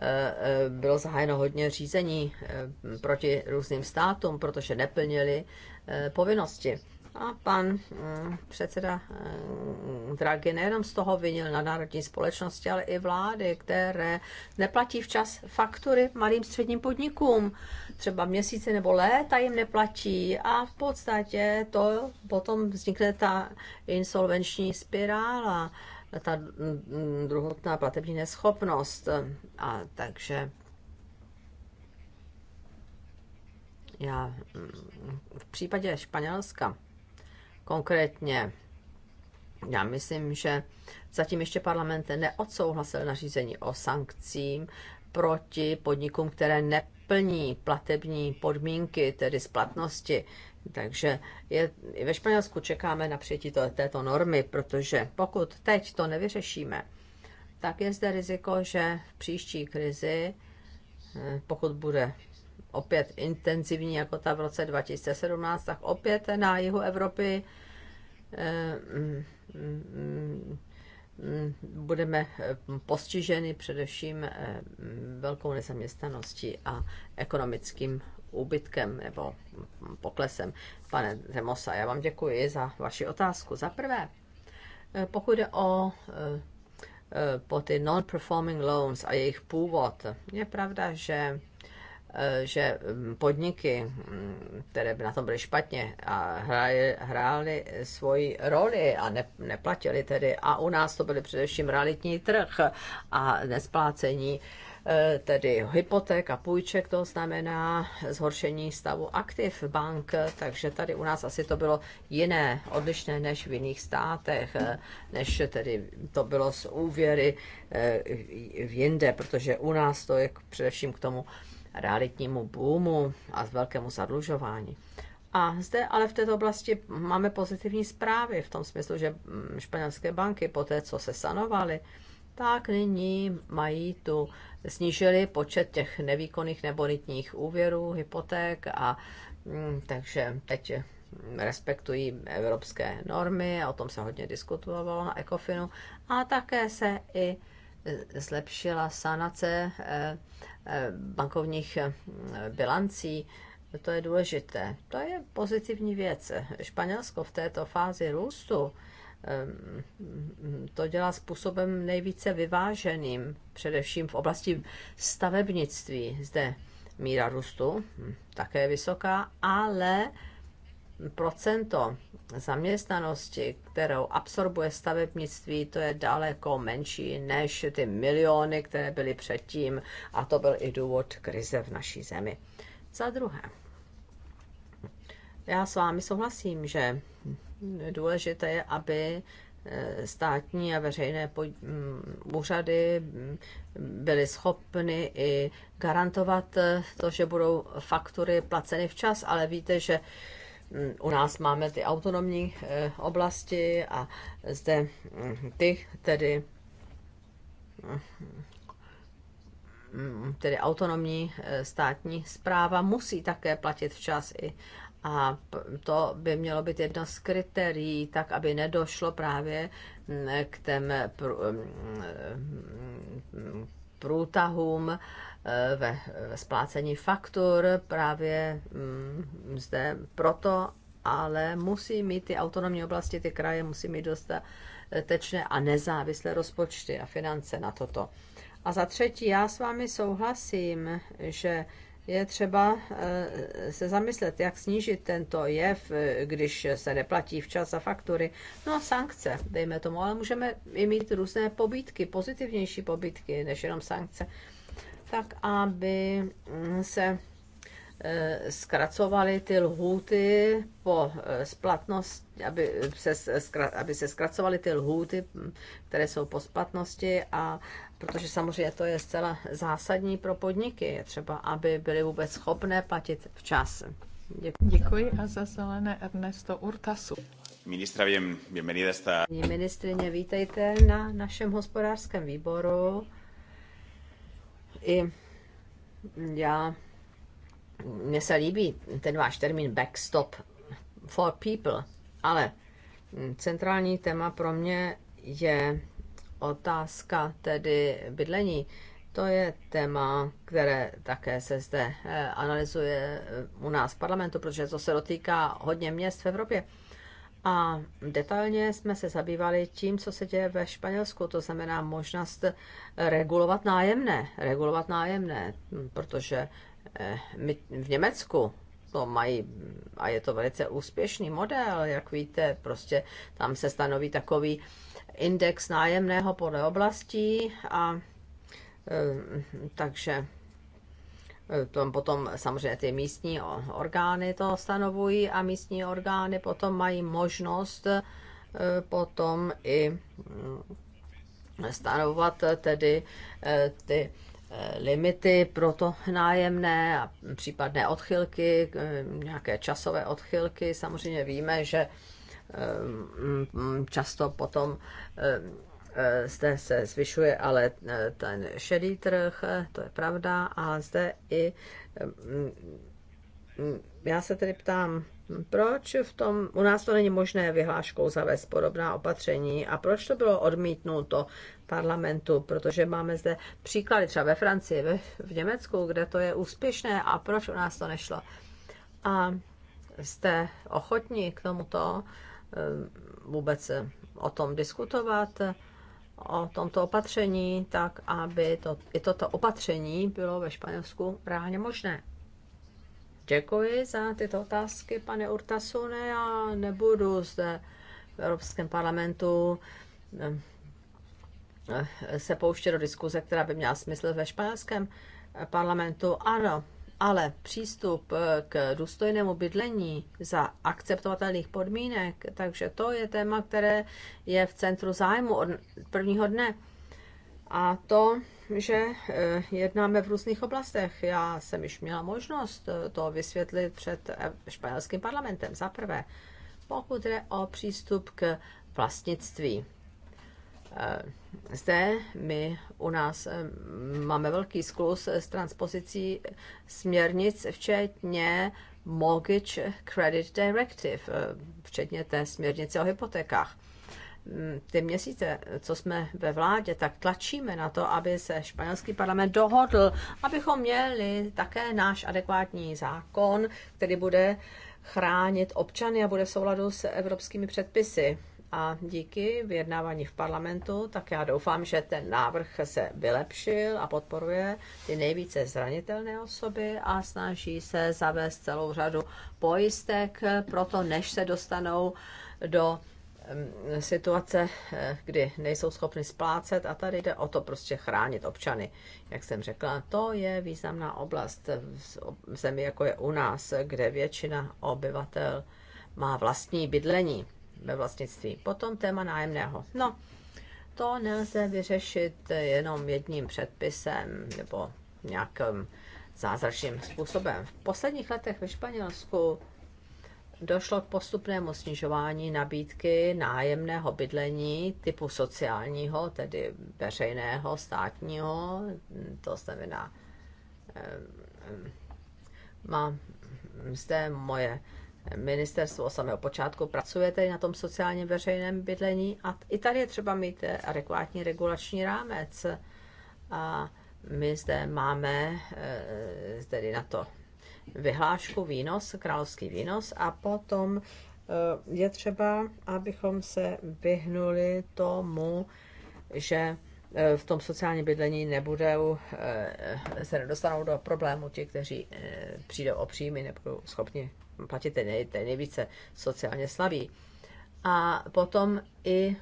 e, bylo zahájeno hodně řízení proti různým státům, protože neplnili povinnosti. A pan mm, předseda mm, Draghi nejenom z toho vinil na národní společnosti, ale i vlády, které neplatí včas faktury malým středním podnikům. Třeba měsíce nebo léta jim neplatí a v podstatě to potom vznikne ta insolvenční spirála, ta mm, druhotná platební neschopnost. A takže já v případě Španělska Konkrétně, já myslím, že zatím ještě parlament neodsouhlasil nařízení o sankcím proti podnikům, které neplní platební podmínky, tedy splatnosti. Takže je, i ve Španělsku čekáme na přijetí to, této normy, protože pokud teď to nevyřešíme, tak je zde riziko, že v příští krizi, eh, pokud bude opět intenzivní jako ta v roce 2017, tak opět na jihu Evropy eh, mm, mm, mm, budeme eh, postiženi především eh, velkou nezaměstnaností a ekonomickým úbytkem nebo poklesem. Pane Zemosa, já vám děkuji za vaši otázku. Za prvé, pokud jde o po ty non-performing loans a jejich původ, je pravda, že Eh, že mm, podniky, mm, které by na tom byly špatně a hrály, hrály svoji roli a ne, neplatili tedy. A u nás to byly především realitní trh a nesplácení eh, tedy hypoték a půjček, to znamená zhoršení stavu aktiv bank, takže tady u nás asi to bylo jiné, odlišné než v jiných státech, eh, než tedy to bylo z úvěry v jinde, protože u nás to je především k tomu realitnímu boomu a z velkému zadlužování. A zde ale v této oblasti máme pozitivní zprávy v tom smyslu, že mm, španělské banky po té, co se sanovaly, tak nyní mají tu, snížili počet těch nevýkonných rytních úvěrů, hypoték a mm, takže teď respektují evropské normy, o tom se hodně diskutovalo na ECOFINu a také se i E, zlepšila sanace e, e, bankovních bilancí. To je důležité. To je pozitivní věc. Španělsko v této fázi růstu to dělá způsobem nejvíce vyváženým, především v oblasti stavebnictví. Zde míra růstu hm, také vysoká, ale procento zaměstnanosti, kterou absorbuje stavebnictví, to je daleko menší než ty miliony, které byly předtím. A to byl i důvod krize v naší zemi. Za druhé, já s vámi souhlasím, že důležité je, aby eh, státní a veřejné mm, úřady mm, byly schopny i garantovat eh, to, že budou faktury placeny včas, ale víte, že u nás máme ty autonomní eh, oblasti a zde hm, ty tedy hm, tedy autonomní eh, státní zpráva musí také platit včas i a to by mělo být jedno z kritérií, tak aby nedošlo právě hm, k těm průtahům Eh, ve, ve splácení faktur právě mm, zde proto, ale musí mít ty autonomní oblasti, ty kraje musí mít dostatečné a nezávislé rozpočty a finance na toto. A za třetí, já s vámi souhlasím, že je třeba eh, se zamyslet, jak snížit tento jev, když se neplatí včas za faktury. No a sankce, dejme tomu, ale můžeme i mít různé pobítky, pozitivnější pobítky, než jenom sankce tak aby mm, se e, zkracovaly ty lhůty po e, splatnosti, aby se, e, zkra, aby se zkracovaly ty lhůty, mm, které jsou po splatnosti a protože samozřejmě to je zcela zásadní pro podniky, je třeba, aby byly vůbec schopné platit včas. Děkuji. Děkuji a za zelené Ernesto Urtasu. Ministra, bien, bienvenida esta... Ministrině, vítejte na našem hospodářském výboru i já, mně se líbí ten váš termín backstop for people, ale centrální téma pro mě je otázka tedy bydlení. To je téma, které také se zde eh, analyzuje u nás v parlamentu, protože to se dotýká hodně měst v Evropě. A detailně jsme se zabývali tím, co se děje ve Španělsku, to znamená možnost regulovat nájemné, regulovat nájemné, protože eh, my v Německu to mají, a je to velice úspěšný model, jak víte, prostě tam se stanoví takový index nájemného podle oblastí a eh, takže tom potom samozřejmě ty místní orgány to stanovují a místní orgány potom mají možnost eh, potom i mm, stanovovat tedy eh, ty eh, limity pro to nájemné a případné odchylky, nějaké časové odchylky. Samozřejmě víme, že mm, často potom Eh, zde se zvyšuje ale eh, ten šedý trh, eh, to je pravda, a zde i já se tedy ptám, proč v tom, u nás to není možné vyhláškou zavést podobná opatření a proč to bylo odmítnuto parlamentu, protože máme zde příklady třeba ve Francii, ve, v Německu, kde to je úspěšné a proč u nás to nešlo. A jste ochotní k tomuto vůbec o tom diskutovat? o tomto opatření, tak aby to, i toto opatření bylo ve Španělsku reálně možné. Děkuji za tyto otázky, pane Urtasune. a nebudu zde v Evropském parlamentu eh, eh, se pouštět do diskuze, která by měla smysl ve španělském parlamentu. Ano, ale přístup eh, k důstojnému bydlení za akceptovatelných podmínek, takže to je téma, které je v centru zájmu od prvního dne. A to, že eh, jednáme v různých oblastech. Já jsem již měla možnost eh, to vysvětlit před španělským parlamentem. Za prvé, pokud jde o přístup k vlastnictví. Eh, zde my u nás eh, máme velký sklus eh, s transpozicí směrnic, včetně Mortgage Credit Directive, včetně té směrnice o hypotékách. Mm, ty měsíce, co jsme ve vládě, tak tlačíme na to, aby se španělský parlament dohodl, abychom měli také náš adekvátní zákon, který bude chránit občany a bude v souladu s evropskými předpisy a díky vyjednávání v parlamentu, tak já doufám, že ten návrh se vylepšil a podporuje ty nejvíce zranitelné osoby a snaží se zavést celou řadu pojistek pro to, než se dostanou do mm, situace, eh, kdy nejsou schopni splácet a tady jde o to prostě chránit občany. Jak jsem řekla, to je významná oblast v zemi, jako je u nás, kde většina obyvatel má vlastní bydlení ve vlastnictví. Potom téma nájemného. No, to nelze vyřešit jenom jedním předpisem nebo nějakým zázračným způsobem. V posledních letech ve Španělsku došlo k postupnému snižování nabídky nájemného bydlení typu sociálního, tedy veřejného, státního, to znamená, má zde moje Ministerstvo od samého počátku pracuje tady na tom sociálně veřejném bydlení a i tady je třeba mít eh, adekvátní regulační rámec. A my zde máme eh, tedy na to vyhlášku výnos, královský výnos a potom eh, je třeba, abychom se vyhnuli tomu, že v tom sociálním bydlení nebudou, se nedostanou do problému ti, kteří přijdou o příjmy, nebudou schopni platit nej, nejvíce sociálně slabí. A potom i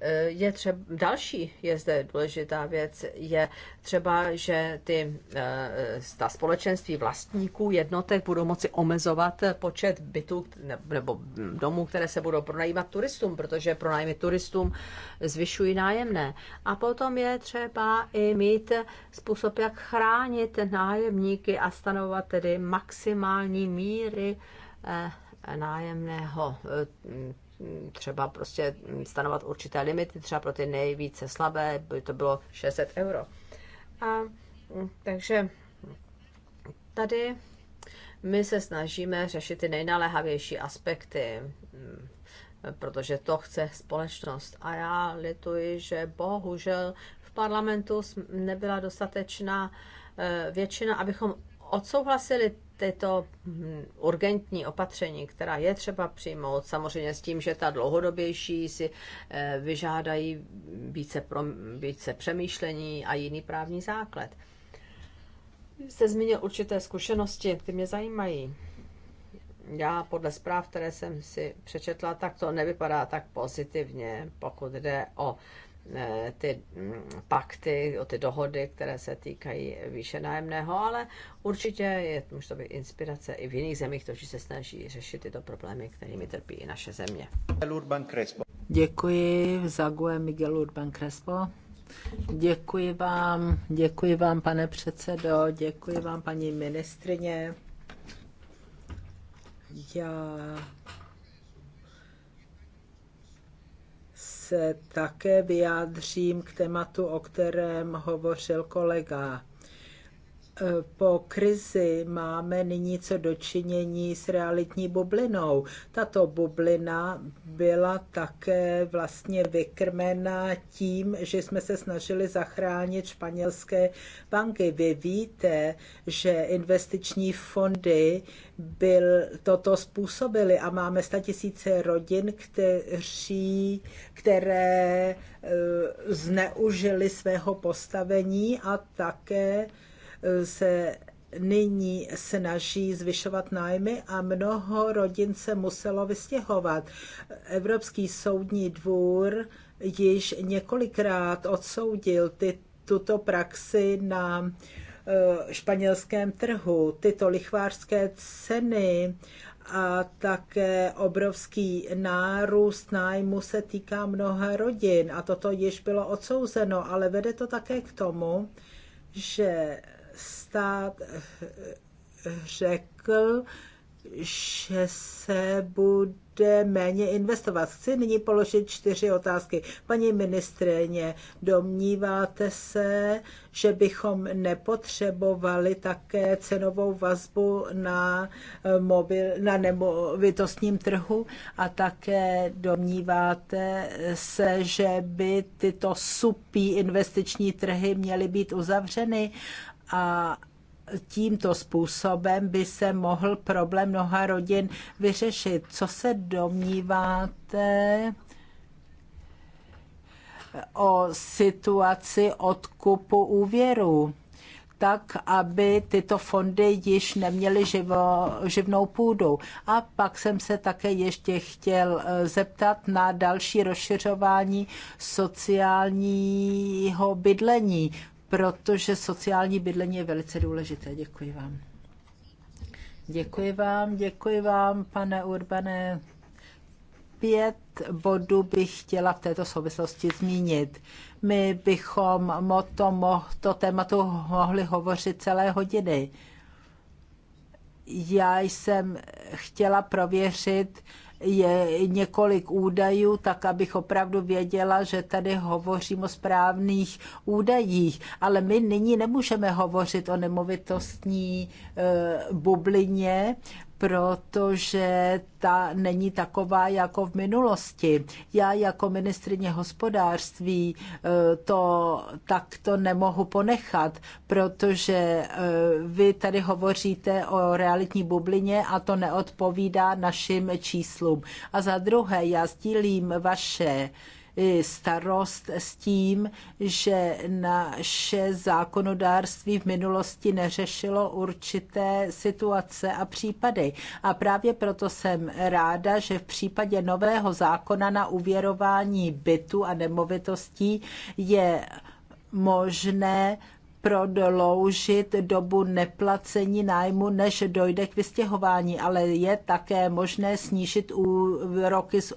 Eh, je třeba, další je zde důležitá věc, je třeba, že ty, eh, ta společenství vlastníků jednotek budou moci omezovat počet bytů nebo domů, které se budou pronajímat turistům, protože pronájmy turistům zvyšují nájemné. A potom je třeba i mít způsob, jak chránit nájemníky a stanovat tedy maximální míry eh, nájemného Mm, třeba prostě stanovat určité limity, třeba pro ty nejvíce slabé, by to bylo 600 euro. A, mm, takže tady my se snažíme řešit ty nejnaléhavější aspekty, mm, protože to chce společnost. A já lituji, že bohužel v parlamentu nebyla dostatečná eh, většina, abychom odsouhlasili tyto hm, urgentní opatření, která je třeba přijmout, samozřejmě s tím, že ta dlouhodobější si eh, vyžádají více, pro, více přemýšlení a jiný právní základ. Se zmínil určité zkušenosti, ty mě zajímají. Já podle zpráv, které jsem si přečetla, tak to nevypadá tak pozitivně, pokud jde o Eh, ty mm, pakty, o ty dohody, které se týkají výše nájemného, ale určitě je, může to být inspirace i v jiných zemích, kteří se snaží řešit tyto problémy, kterými trpí i naše země. Děkuji, Zague Miguel Urban Crespo. Děkuji vám, děkuji vám, pane předsedo, děkuji vám, paní ministrině. Já se také vyjádřím k tématu, o kterém hovořil kolega po krizi máme nyní co dočinění s realitní bublinou. Tato bublina byla také vlastně vykrmena tím, že jsme se snažili zachránit španělské banky. Vy víte, že investiční fondy byl, toto způsobily a máme tisíce rodin, kteří, které e, zneužili svého postavení a také Eh, se nyní snaží zvyšovat nájmy a mnoho rodin se muselo vystěhovat. Evropský soudní dvůr již několikrát odsoudil ty, tuto praxi na eh, španělském trhu. Tyto lichvářské ceny a také obrovský nárůst nájmu se týká mnoha rodin a toto již bylo odsouzeno, ale vede to také k tomu, že stát řekl, že se bude méně investovat. Chci nyní položit čtyři otázky. Paní ministrině, domníváte se, že bychom nepotřebovali také cenovou vazbu na, mobil, na nemovitostním trhu a také domníváte se, že by tyto supí investiční trhy měly být uzavřeny a tímto způsobem by se mohl problém mnoha rodin vyřešit. Co se domníváte o situaci odkupu úvěru? tak, aby tyto fondy již neměly živo, živnou půdu. A pak jsem se také ještě chtěl eh, zeptat na další rozšiřování sociálního bydlení protože sociální bydlení je velice důležité. Děkuji vám. Děkuji vám, děkuji vám, pane Urbane. Pět bodů bych chtěla v této souvislosti zmínit. My bychom o mo, to tématu mohli hovořit celé hodiny. Já jsem chtěla prověřit, je několik údajů, tak abych opravdu věděla, že tady hovořím o správných údajích. Ale my nyní nemůžeme hovořit o nemovitostní eh, bublině protože ta není taková jako v minulosti. Já jako ministrině hospodářství e, to takto nemohu ponechat, protože e, vy tady hovoříte o realitní bublině a to neodpovídá našim číslům. A za druhé, já sdílím vaše starost s tím, že naše zákonodárství v minulosti neřešilo určité situace a případy. A právě proto jsem ráda, že v případě nového zákona na uvěrování bytu a nemovitostí je možné prodloužit dobu neplacení nájmu, než dojde k vystěhování, ale je také možné snížit úroky z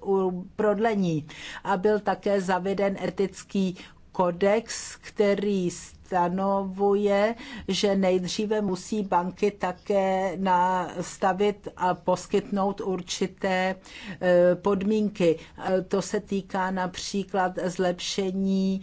prodlení. A byl také zaveden etický kodex, který stanovuje, že nejdříve musí banky také nastavit a poskytnout určité e, podmínky. E, to se týká například zlepšení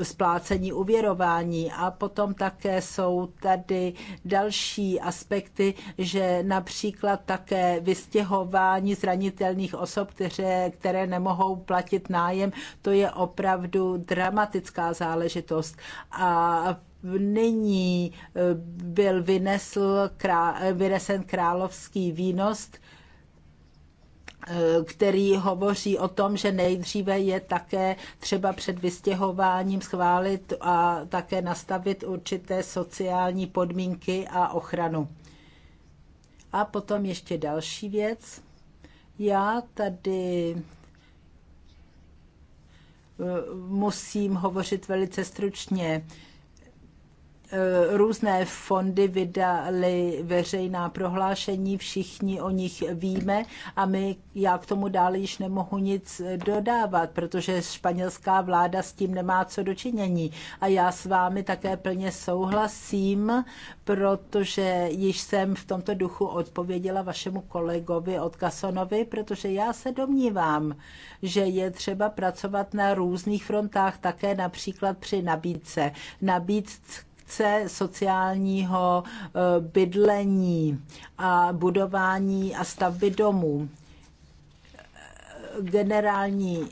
e, splácení uvěrování a potom také jsou tady další aspekty, že například také vystěhování zranitelných osob, které, které nemohou platit nájem, to je opravdu dramatická záležitost. A nyní eh, byl vynesl, krá, vynesen královský výnost, eh, který hovoří o tom, že nejdříve je také třeba před vystěhováním schválit a také nastavit určité sociální podmínky a ochranu. A potom ještě další věc. Já tady eh, musím hovořit velice stručně. Eh, různé fondy vydaly veřejná prohlášení, všichni o nich víme a my, já k tomu dále již nemohu nic dodávat, protože španělská vláda s tím nemá co dočinění. A já s vámi také plně souhlasím, protože již jsem v tomto duchu odpověděla vašemu kolegovi od Kasonovi, protože já se domnívám, že je třeba pracovat na různých frontách, také například při nabídce. Nabídce funkce sociálního eh, bydlení a budování a stavby domů. Eh, generální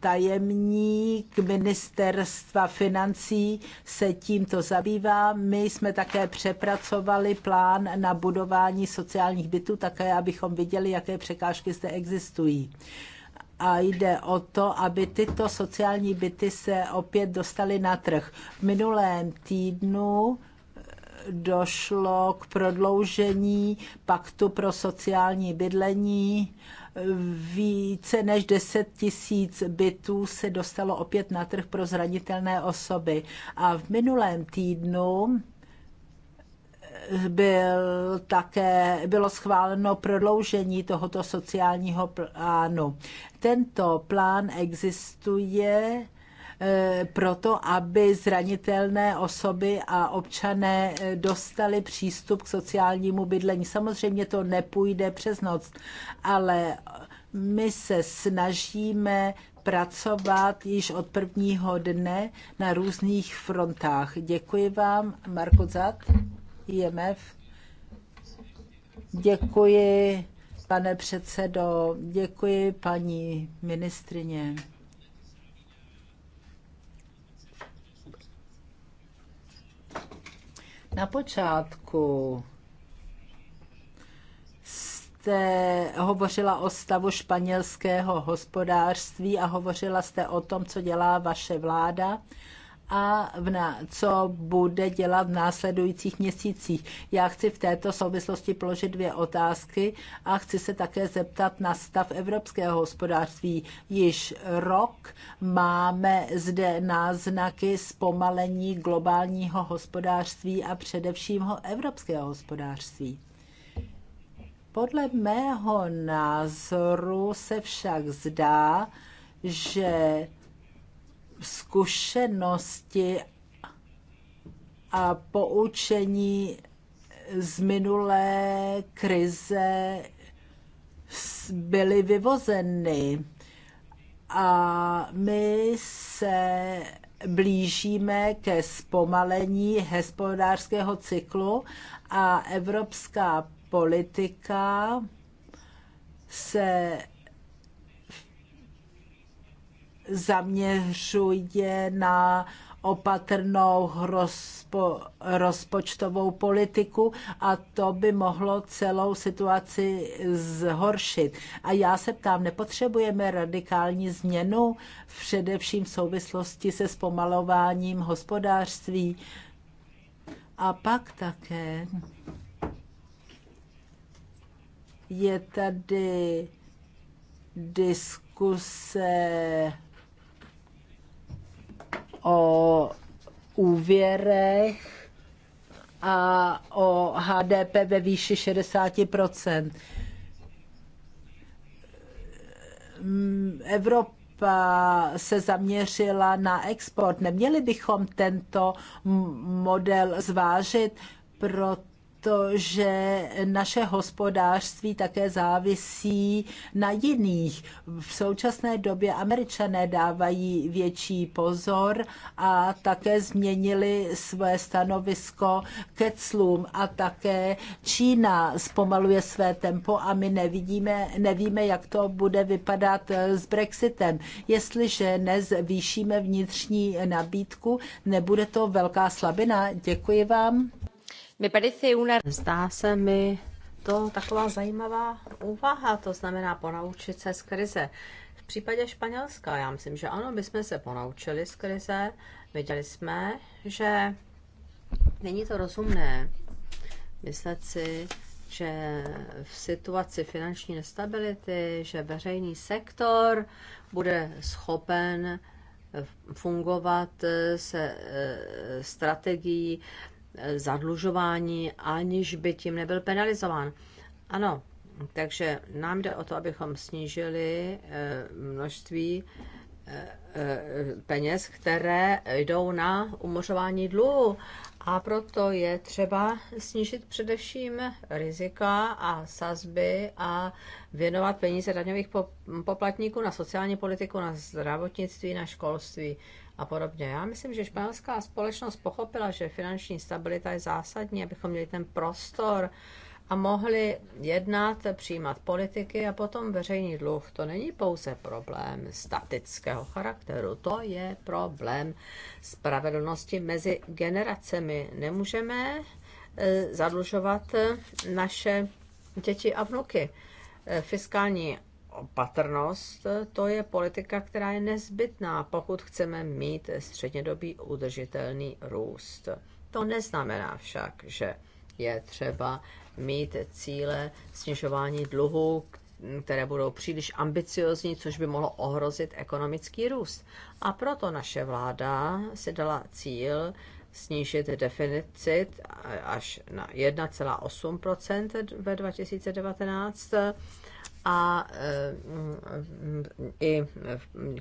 tajemník ministerstva financí se tímto zabývá. My jsme také přepracovali plán na budování sociálních bytů, také abychom viděli, jaké překážky zde existují a jde o to, aby tyto sociální byty se opět dostaly na trh. V minulém týdnu eh, došlo k prodloužení paktu pro sociální bydlení. Více než 10 tisíc bytů se dostalo opět na trh pro zranitelné osoby. A v minulém týdnu eh, byl také, bylo schváleno prodloužení tohoto sociálního plánu. Tento plán existuje eh, proto, aby zranitelné osoby a občané eh, dostali přístup k sociálnímu bydlení. Samozřejmě to nepůjde přes noc, ale my se snažíme pracovat již od prvního dne na různých frontách. Děkuji vám, Marko Zat, IMF. Děkuji Pane předsedo, děkuji paní ministrině. Na počátku jste hovořila o stavu španělského hospodářství a hovořila jste o tom, co dělá vaše vláda a v na, co bude dělat v následujících měsících. Já chci v této souvislosti položit dvě otázky a chci se také zeptat na stav evropského hospodářství. Již rok máme zde náznaky zpomalení globálního hospodářství a především evropského hospodářství. Podle mého názoru se však zdá, že zkušenosti a poučení z minulé krize byly vyvozeny a my se blížíme ke zpomalení hospodářského cyklu a evropská politika se zaměřuje na opatrnou rozpo, rozpočtovou politiku a to by mohlo celou situaci zhoršit. A já se ptám, nepotřebujeme radikální změnu, především v souvislosti se zpomalováním hospodářství? A pak také je tady diskuse o úvěrech a o HDP ve výši 60 Evropa se zaměřila na export. Neměli bychom tento model zvážit, proto protože naše hospodářství také závisí na jiných. V současné době američané dávají větší pozor a také změnili své stanovisko ke clům a také Čína zpomaluje své tempo a my nevidíme, nevíme, jak to bude vypadat s Brexitem. Jestliže nezvýšíme vnitřní nabídku, nebude to velká slabina. Děkuji vám. Zdá se mi to taková zajímavá úvaha, to znamená ponaučit se z krize. V případě Španělska, já myslím, že ano, my jsme se ponaučili z krize, viděli jsme, že není to rozumné myslet si, že v situaci finanční nestability, že veřejný sektor bude schopen fungovat se eh, strategií zadlužování, aniž by tím nebyl penalizován. Ano, takže nám jde o to, abychom snížili eh, množství peněz, které jdou na umořování dluhu. A proto je třeba snížit především rizika a sazby a věnovat peníze daňových poplatníků na sociální politiku, na zdravotnictví, na školství a podobně. Já myslím, že španělská společnost pochopila, že finanční stabilita je zásadní, abychom měli ten prostor a mohli jednat, přijímat politiky a potom veřejný dluh. To není pouze problém statického charakteru, to je problém spravedlnosti mezi generacemi. Nemůžeme e, zadlužovat e, naše děti a vnuky. E, fiskální opatrnost, to je politika, která je nezbytná, pokud chceme mít střednědobý udržitelný růst. To neznamená však, že je třeba mít cíle snižování dluhu, které budou příliš ambiciozní, což by mohlo ohrozit ekonomický růst. A proto naše vláda si dala cíl snížit deficit až na 1,8 ve 2019 a eh, i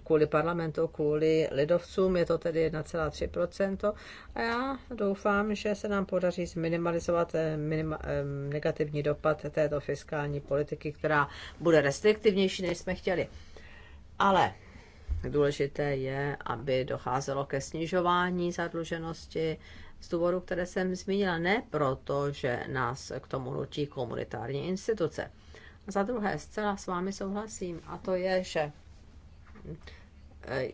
kvůli parlamentu, kvůli lidovcům je to tedy 1,3%. A já doufám, že se nám podaří zminimalizovat eh, minima, eh, negativní dopad této fiskální politiky, která bude restriktivnější, než jsme chtěli. Ale důležité je, aby docházelo ke snižování zadluženosti z důvodu, které jsem zmínila, ne proto, že nás k tomu nutí komunitární instituce za druhé, zcela s vámi souhlasím, a to je, že eh,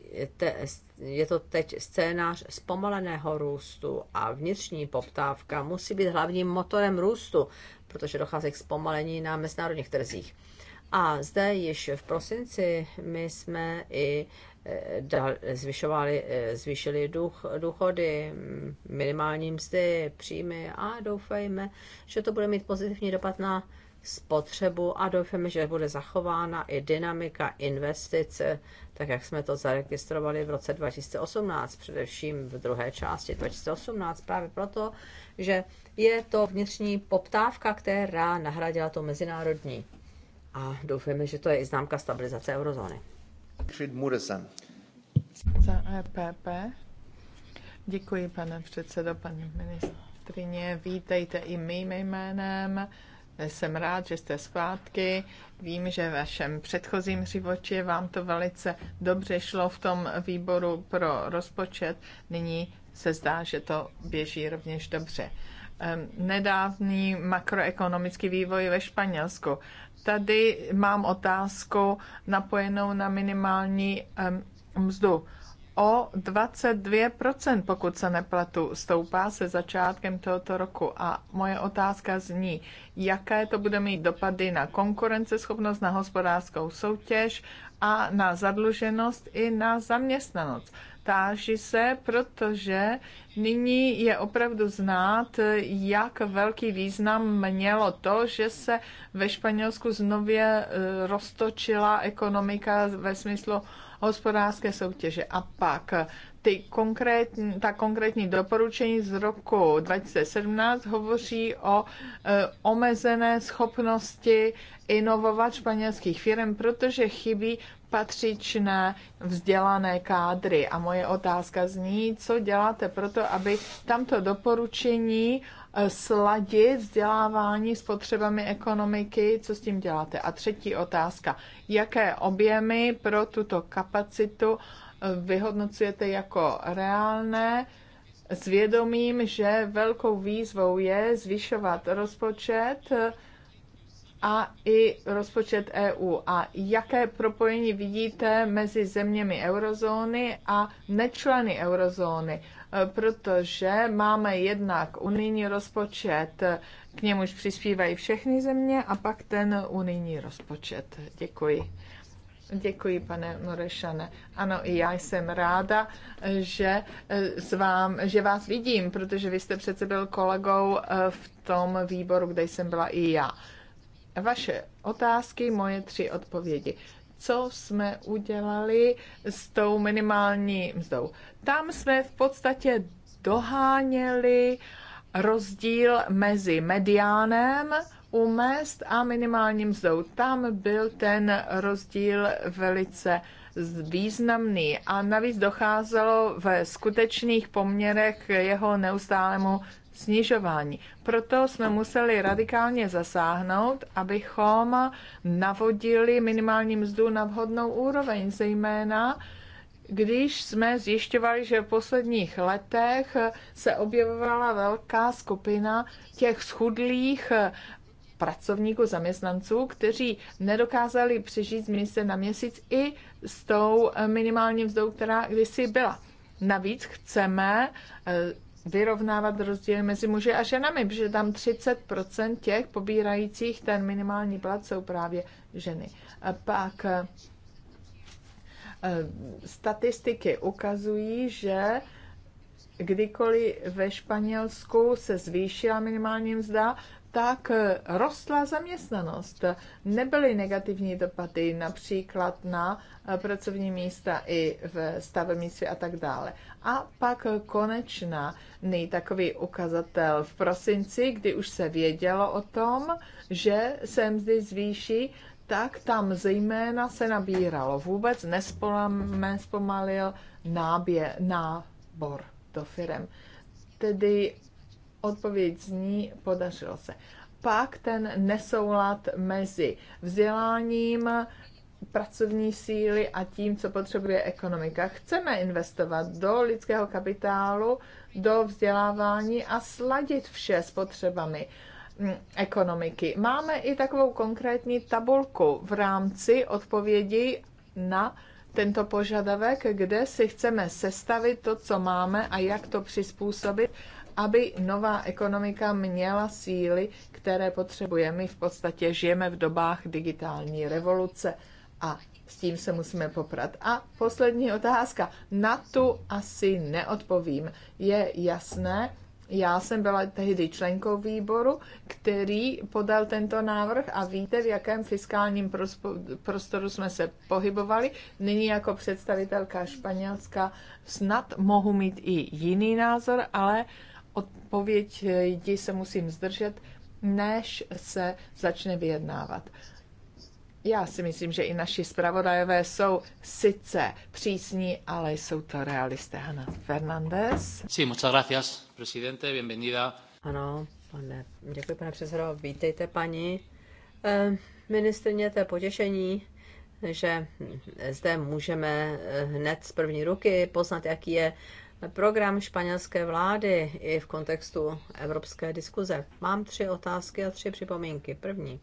je to teď scénář zpomaleného růstu a vnitřní poptávka musí být hlavním motorem růstu, protože dochází k zpomalení na mezinárodních trzích. A zde již v prosinci my jsme i eh, zvyšovali, eh, zvýšili duch, důchody, minimální mzdy, příjmy a doufejme, že to bude mít pozitivní dopad na spotřebu a doufáme, že bude zachována i dynamika investic, tak jak jsme to zaregistrovali v roce 2018, především v druhé části 2018, právě proto, že je to vnitřní poptávka, která nahradila to mezinárodní. A doufáme, že to je i známka stabilizace eurozóny. Za EPP. Děkuji, pane předsedo, paní ministrině. Vítejte i mým jménem. Jsem rád, že jste zpátky. Vím, že v vašem předchozím životě vám to velice dobře šlo v tom výboru pro rozpočet. Nyní se zdá, že to běží rovněž dobře. Nedávný makroekonomický vývoj ve Španělsku. Tady mám otázku napojenou na minimální mzdu o 22%, pokud se nepletu, stoupá se začátkem tohoto roku. A moje otázka zní, jaké to bude mít dopady na konkurenceschopnost, na hospodářskou soutěž a na zadluženost i na zaměstnanost. Táži se, protože nyní je opravdu znát, jak velký význam mělo to, že se ve Španělsku znově e, roztočila ekonomika ve smyslu hospodářské soutěže. A pak e, ty konkrétní, ta konkrétní doporučení z roku 2017 hovoří o e, omezené schopnosti inovovat španělských firm, protože chybí patřičné vzdělané kádry. A moje otázka zní, co děláte pro to, aby tamto doporučení eh, sladit vzdělávání s potřebami ekonomiky, co s tím děláte? A třetí otázka, jaké objemy pro tuto kapacitu eh, vyhodnocujete jako reálné s vědomím, že velkou výzvou je zvyšovat rozpočet eh, a i rozpočet EU. A jaké propojení vidíte mezi zeměmi eurozóny a nečleny eurozóny? E, protože máme jednak unijní rozpočet, k němuž přispívají všechny země, a pak ten unijní rozpočet. Děkuji. Děkuji, pane Norešane. Ano, i já jsem ráda, že, e, s vám, že vás vidím, protože vy jste přece byl kolegou e, v tom výboru, kde jsem byla i já vaše otázky, moje tři odpovědi. Co jsme udělali s tou minimální mzdou? Tam jsme v podstatě doháněli rozdíl mezi mediánem u mest a minimální mzdou. Tam byl ten rozdíl velice významný a navíc docházelo ve skutečných poměrech k jeho neustálému snižování. Proto jsme museli radikálně zasáhnout, abychom navodili minimální mzdu na vhodnou úroveň, zejména když jsme zjišťovali, že v posledních letech se objevovala velká skupina těch schudlých pracovníků, zaměstnanců, kteří nedokázali přežít z měsíce na měsíc i s tou minimální mzdou, která kdysi byla. Navíc chceme eh, vyrovnávat rozdíly mezi muži a ženami, protože tam 30% těch pobírajících ten minimální plat jsou právě ženy. A pak eh, statistiky ukazují, že kdykoliv ve Španělsku se zvýšila minimální mzda, tak rostla zaměstnanost. Nebyly negativní dopady například na pracovní místa i v stavebnictví a tak dále. A pak konečná takový ukazatel v prosinci, kdy už se vědělo o tom, že se mzdy zvýší, tak tam zejména se nabíralo. Vůbec nespomalil nábě, nábor do firem. Tedy Odpověď zní, podařilo se. Pak ten nesoulad mezi vzděláním, pracovní síly a tím, co potřebuje ekonomika. Chceme investovat do lidského kapitálu, do vzdělávání a sladit vše s potřebami mm, ekonomiky. Máme i takovou konkrétní tabulku v rámci odpovědi na tento požadavek, kde si chceme sestavit to, co máme a jak to přizpůsobit aby nová ekonomika měla síly, které potřebuje. My v podstatě žijeme v dobách digitální revoluce a s tím se musíme poprat. A poslední otázka. Na tu asi neodpovím. Je jasné, já jsem byla tehdy členkou výboru, který podal tento návrh a víte, v jakém fiskálním prostoru jsme se pohybovali. Nyní jako představitelka Španělska snad mohu mít i jiný názor, ale odpověď jdi eh, se musím zdržet, než se začne vyjednávat. Já si myslím, že i naši zpravodajové jsou sice přísní, ale jsou to realisté. Hanna Fernández. Sí, muchas gracias, presidente, bienvenida. Ano, pane, děkuji, pane předsedo. Vítejte, paní eh, ministrně, to je potěšení, že zde můžeme eh, hned z první ruky poznat, jaký je program španělské vlády i v kontextu evropské diskuze. Mám tři otázky a tři připomínky. První.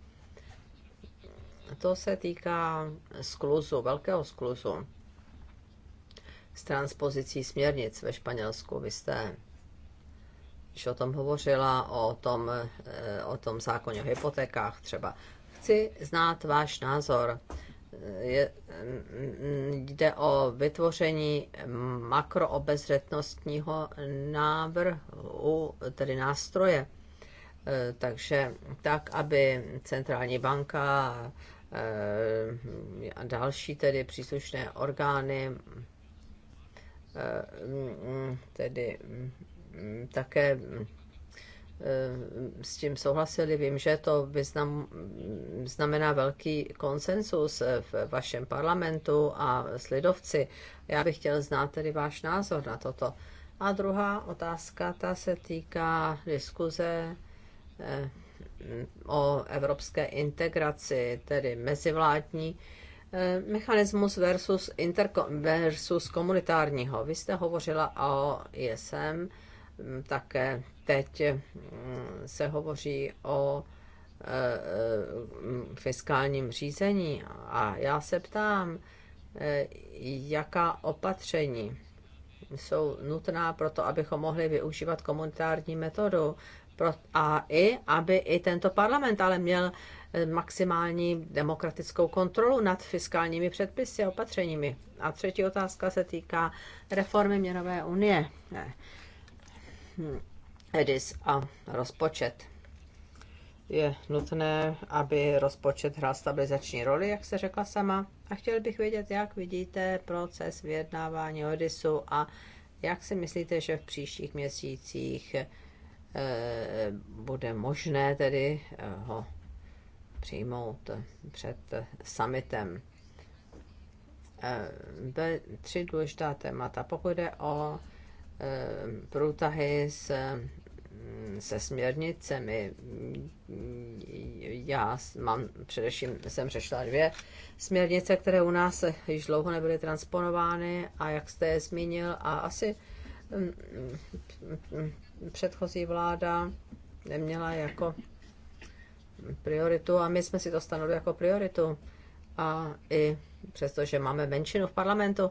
To se týká skluzu, velkého skluzu s transpozicí směrnic ve Španělsku. Vy jste když o tom hovořila, o tom, eh, o tom zákoně o hypotékách třeba. Chci znát váš názor je, mm, jde o vytvoření makroobezřetnostního návrhu, tedy nástroje. E, takže tak, aby centrální banka e, a další tedy příslušné orgány e, tedy také Eh, s tím souhlasili. Vím, že to vyznam, znamená velký konsensus eh, v vašem parlamentu a s lidovci. Já bych chtěl znát tedy váš názor na toto. A druhá otázka, ta se týká diskuze eh, o evropské integraci, tedy mezivládní mechanismus versus, interko, versus komunitárního. Vy jste hovořila o ISM, Mm, také teď mm, se hovoří o eh, mm, fiskálním řízení a já se ptám, eh, jaká opatření jsou nutná pro to, abychom mohli využívat komunitární metodu a i, aby i tento parlament ale měl eh, maximální demokratickou kontrolu nad fiskálními předpisy a opatřeními. A třetí otázka se týká reformy měnové unie. Ne. Hmm. EDIS a rozpočet. Je nutné, aby rozpočet hrál stabilizační roli, jak se řekla sama. A chtěl bych vědět, jak vidíte proces vyjednávání EDISu a jak si myslíte, že v příštích měsících eh, bude možné tedy eh, ho přijmout před summitem. Eh, tři důležitá témata. Pokud jde o Eh, průtahy s, mm, se směrnicemi. Já mám především, jsem řešila dvě směrnice, které u nás již dlouho nebyly transponovány a jak jste je zmínil a asi mm, mm, předchozí vláda neměla jako prioritu a my jsme si to stanovili jako prioritu. A i přestože máme menšinu v parlamentu,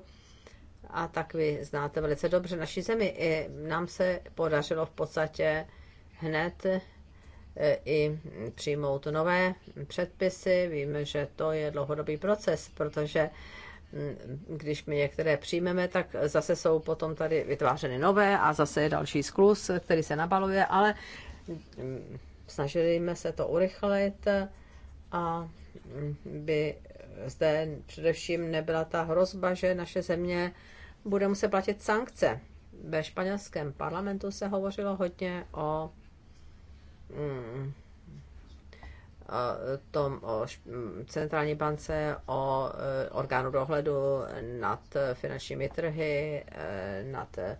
a tak vy znáte velice dobře naší zemi. I nám se podařilo v podstatě hned e, i přijmout nové předpisy. Víme, že to je dlouhodobý proces, protože mm, když my některé přijmeme, tak zase jsou potom tady vytvářeny nové a zase je další sklus, který se nabaluje, ale mm, snažili jsme se to urychlit a mm, by zde především nebyla ta hrozba, že naše země bude muset platit sankce. Ve španělském parlamentu se hovořilo hodně o mm, tom, o centrální bance, o eh, orgánu dohledu nad finančními trhy, eh, nad eh,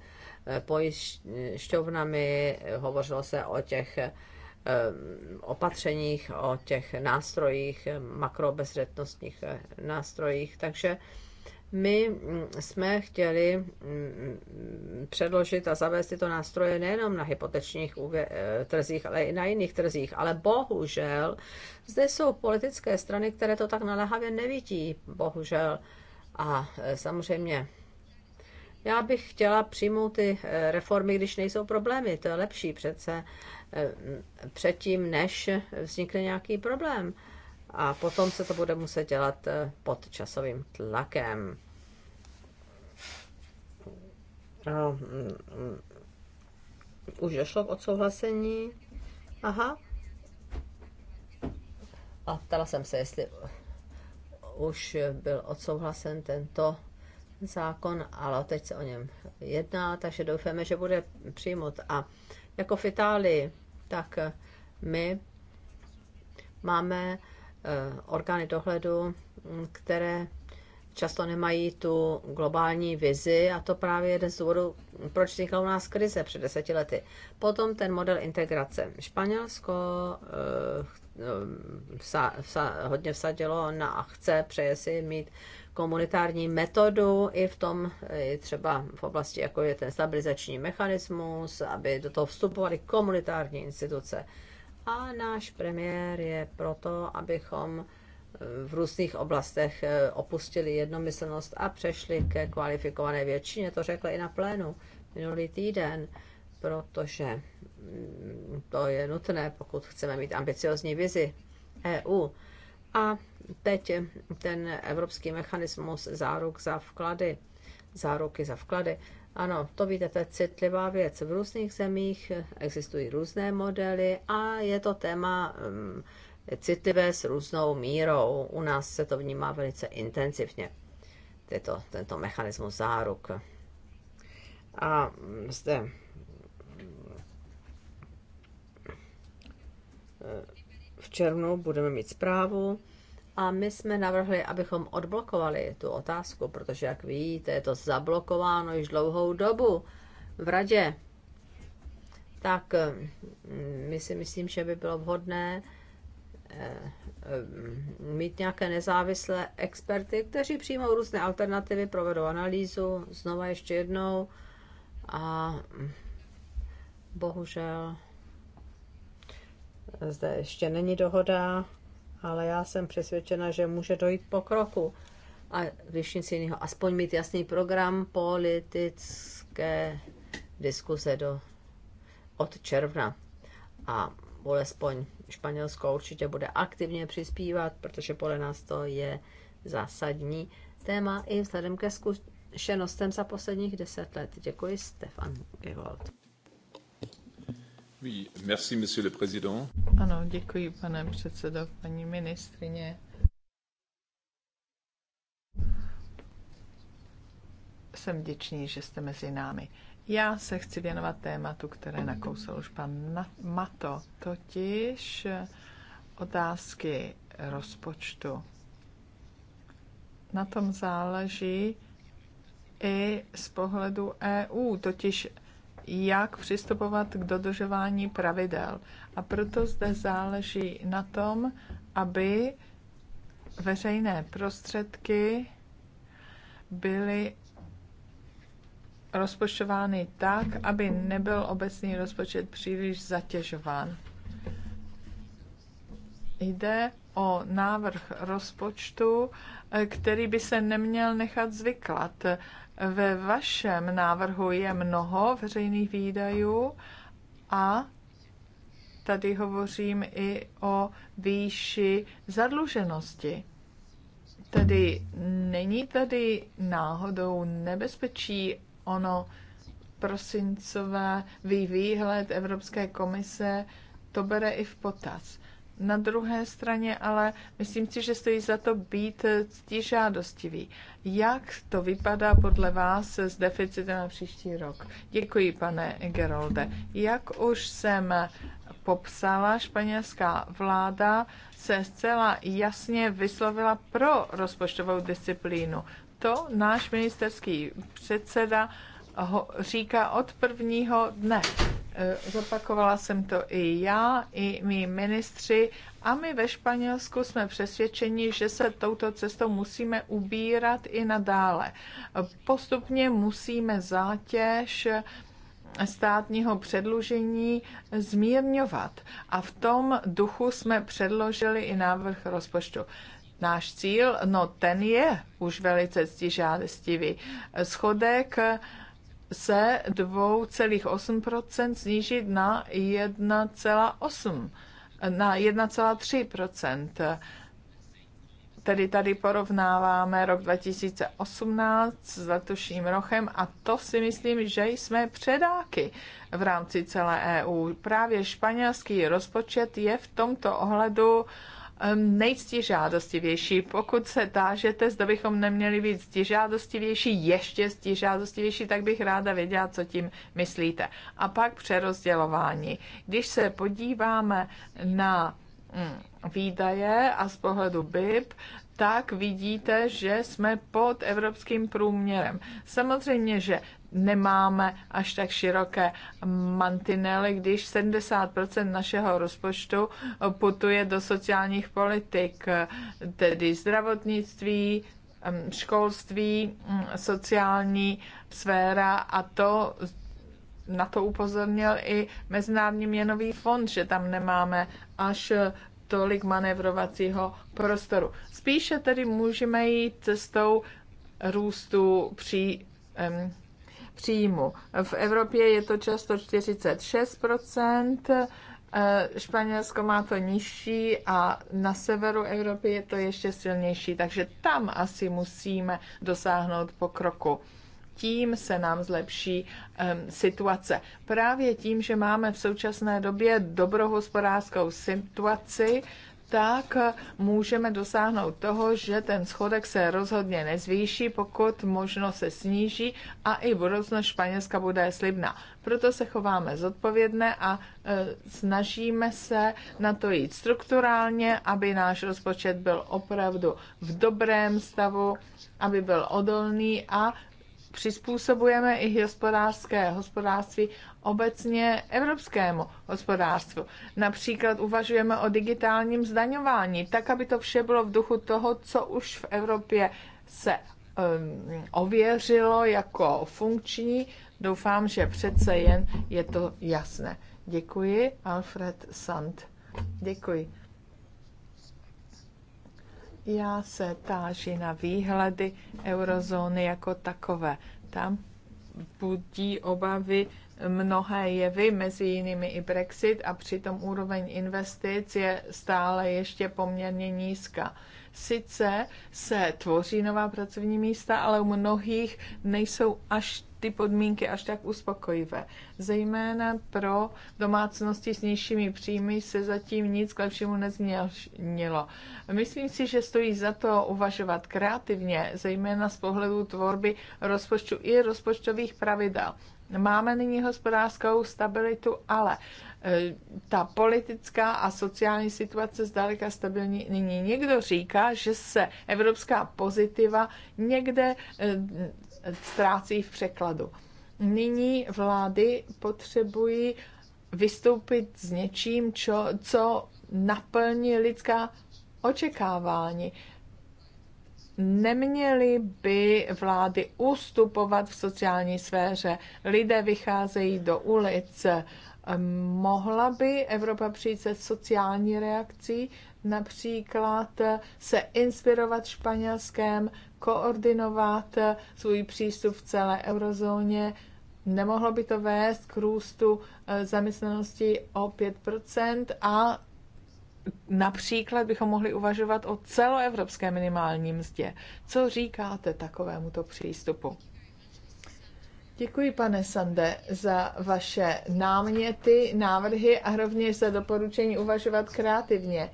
pojišťovnami, hovořilo se o těch opatřeních, o těch nástrojích, makrobezřetnostních nástrojích, takže my mm, jsme chtěli mm, předložit a zavést tyto nástroje nejenom na hypotečních eh, trzích, ale i na jiných trzích. Ale bohužel zde jsou politické strany, které to tak naléhavě nevidí. Bohužel. A eh, samozřejmě já bych chtěla přijmout ty eh, reformy, když nejsou problémy. To je lepší přece předtím, než vznikne nějaký problém. A potom se to bude muset dělat pod časovým tlakem. A, no, mm, mm, už došlo k odsouhlasení. Aha. A ptala jsem se, jestli už byl odsouhlasen tento zákon, ale teď se o něm jedná, takže doufáme, že bude přijmout. A jako v Itálii, tak my máme eh, orgány dohledu, které často nemají tu globální vizi a to právě jeden z důvodů, proč vznikla u nás krize před deseti lety. Potom ten model integrace. Španělsko eh, vsa, vsa, hodně vsadilo na a chce, přeje si mít komunitární metodu i v tom, eh, i třeba v oblasti, jako je ten stabilizační mechanismus, aby do toho vstupovaly komunitární instituce. A náš premiér je proto, abychom v různých oblastech eh, opustili jednomyslnost a přešli ke kvalifikované většině. To řekla i na plénu minulý týden, protože mm, to je nutné, pokud chceme mít ambiciozní vizi EU. A teď ten evropský mechanismus záruk za vklady, záruky za vklady, ano, to víte, to je citlivá věc. V různých zemích existují různé modely a je to téma mm, citlivé s různou mírou. U nás se to vnímá velice intenzivně, tyto, tento mechanismus záruk. A zde v červnu budeme mít zprávu a my jsme navrhli, abychom odblokovali tu otázku, protože, jak víte, je to zablokováno již dlouhou dobu v radě. Tak mm, my si myslím, že by bylo vhodné Eh, eh, mít nějaké nezávislé experty, kteří přijmou různé alternativy, provedou analýzu, znova ještě jednou a bohužel eh, zde ještě není dohoda, ale já jsem přesvědčena, že může dojít kroku A když nic jiného, aspoň mít jasný program politické diskuse do, od června. A alespoň Španělsko určitě bude aktivně přispívat, protože podle nás to je zásadní téma i vzhledem ke zkušenostem za posledních deset let. Děkuji, Stefan Givold. merci, monsieur le président. Ano, děkuji, pane předsedo, paní ministrině. Jsem vděčný, že jste mezi námi. Já se chci věnovat tématu, které nakousal už pan Mato, totiž otázky rozpočtu. Na tom záleží i z pohledu EU, totiž jak přistupovat k dodržování pravidel. A proto zde záleží na tom, aby veřejné prostředky byly rozpočtovány tak, aby nebyl obecný rozpočet příliš zatěžován. Jde o návrh rozpočtu, který by se neměl nechat zvyklat. Ve vašem návrhu je mnoho veřejných výdajů a tady hovořím i o výši zadluženosti. Tedy není tady náhodou nebezpečí ono prosincové výhled Evropské komise to bere i v potaz. Na druhé straně ale myslím si, že stojí za to být žádostivý. Jak to vypadá podle vás s deficitem na příští rok? Děkuji, pane Gerolde. Jak už jsem popsala, španělská vláda se zcela jasně vyslovila pro rozpočtovou disciplínu. To náš ministerský předseda ho říká od prvního dne. E, zopakovala jsem to i já, i mý ministři a my ve Španělsku jsme přesvědčeni, že se touto cestou musíme ubírat i nadále. Postupně musíme zátěž státního předlužení zmírňovat. A v tom duchu jsme předložili i návrh rozpočtu náš cíl, no ten je už velice stižádestivý. Schodek se 2,8% snížit na 1,8, na 1,3%. Tedy tady porovnáváme rok 2018 s letošním rokem a to si myslím, že jsme předáky v rámci celé EU. Právě španělský rozpočet je v tomto ohledu uh, Ehm, nejstižádostivější. Pokud se tážete, zda bychom neměli být stižádostivější, ještě stižádostivější, tak bych ráda věděla, co tím myslíte. A pak přerozdělování. Když se podíváme na hm, výdaje a z pohledu BIP, tak vidíte, že jsme pod evropským průměrem. Samozřejmě, že nemáme až tak široké mantinely, když 70% našeho rozpočtu putuje do sociálních politik, tedy zdravotnictví, školství, sociální sféra a to na to upozornil i Mezinárodní měnový fond, že tam nemáme až tolik manevrovacího prostoru. Spíše tedy můžeme jít cestou růstu při příjmu. V Evropě je to často 46 eh, Španělsko má to nižší a na severu Evropy je to ještě silnější, takže tam asi musíme dosáhnout pokroku. Tím se nám zlepší um, situace. Právě tím, že máme v současné době dobrou hospodářskou situaci, tak můžeme dosáhnout toho, že ten schodek se rozhodně nezvýší, pokud možno se sníží a i budoucnost Španělska bude slibná. Proto se chováme zodpovědné a e, snažíme se na to jít strukturálně, aby náš rozpočet byl opravdu v dobrém stavu, aby byl odolný a přizpůsobujeme i hospodářské hospodářství obecně evropskému hospodářstvu. Například uvažujeme o digitálním zdaňování, tak, aby to vše bylo v duchu toho, co už v Evropě se um, ověřilo jako funkční. Doufám, že přece jen je to jasné. Děkuji, Alfred Sand. Děkuji. Já se táži na výhledy eurozóny jako takové. Tam budí obavy mnohé jevy, mezi jinými i Brexit, a přitom úroveň investic je stále ještě poměrně nízká. Sice se tvoří nová pracovní místa, ale u mnohých nejsou až ty podmínky až tak uspokojivé. Zejména pro domácnosti s nižšími příjmy se zatím nic k lepšímu nezměnilo. Myslím si, že stojí za to uvažovat kreativně, zejména z pohledu tvorby rozpočtu i rozpočtových pravidel. Máme nyní hospodářskou stabilitu, ale E, ta politická a sociální situace zdaleka stabilní nyní. Někdo říká, že se evropská pozitiva někde e, ztrácí v překladu. Nyní vlády potřebují vystoupit s něčím, čo, co naplní lidská očekávání. Neměly by vlády ustupovat v sociální sféře. Lidé vycházejí do ulic, Mohla by Evropa přijít se sociální reakcí, například se inspirovat Španělském, koordinovat svůj přístup v celé eurozóně. Nemohlo by to vést k růstu eh, zaměstnanosti o 5% a například bychom mohli uvažovat o celoevropské minimální mzdě. Co říkáte takovémuto přístupu? Děkuji, pane Sande, za vaše náměty, návrhy a rovněž za doporučení uvažovat kreativně.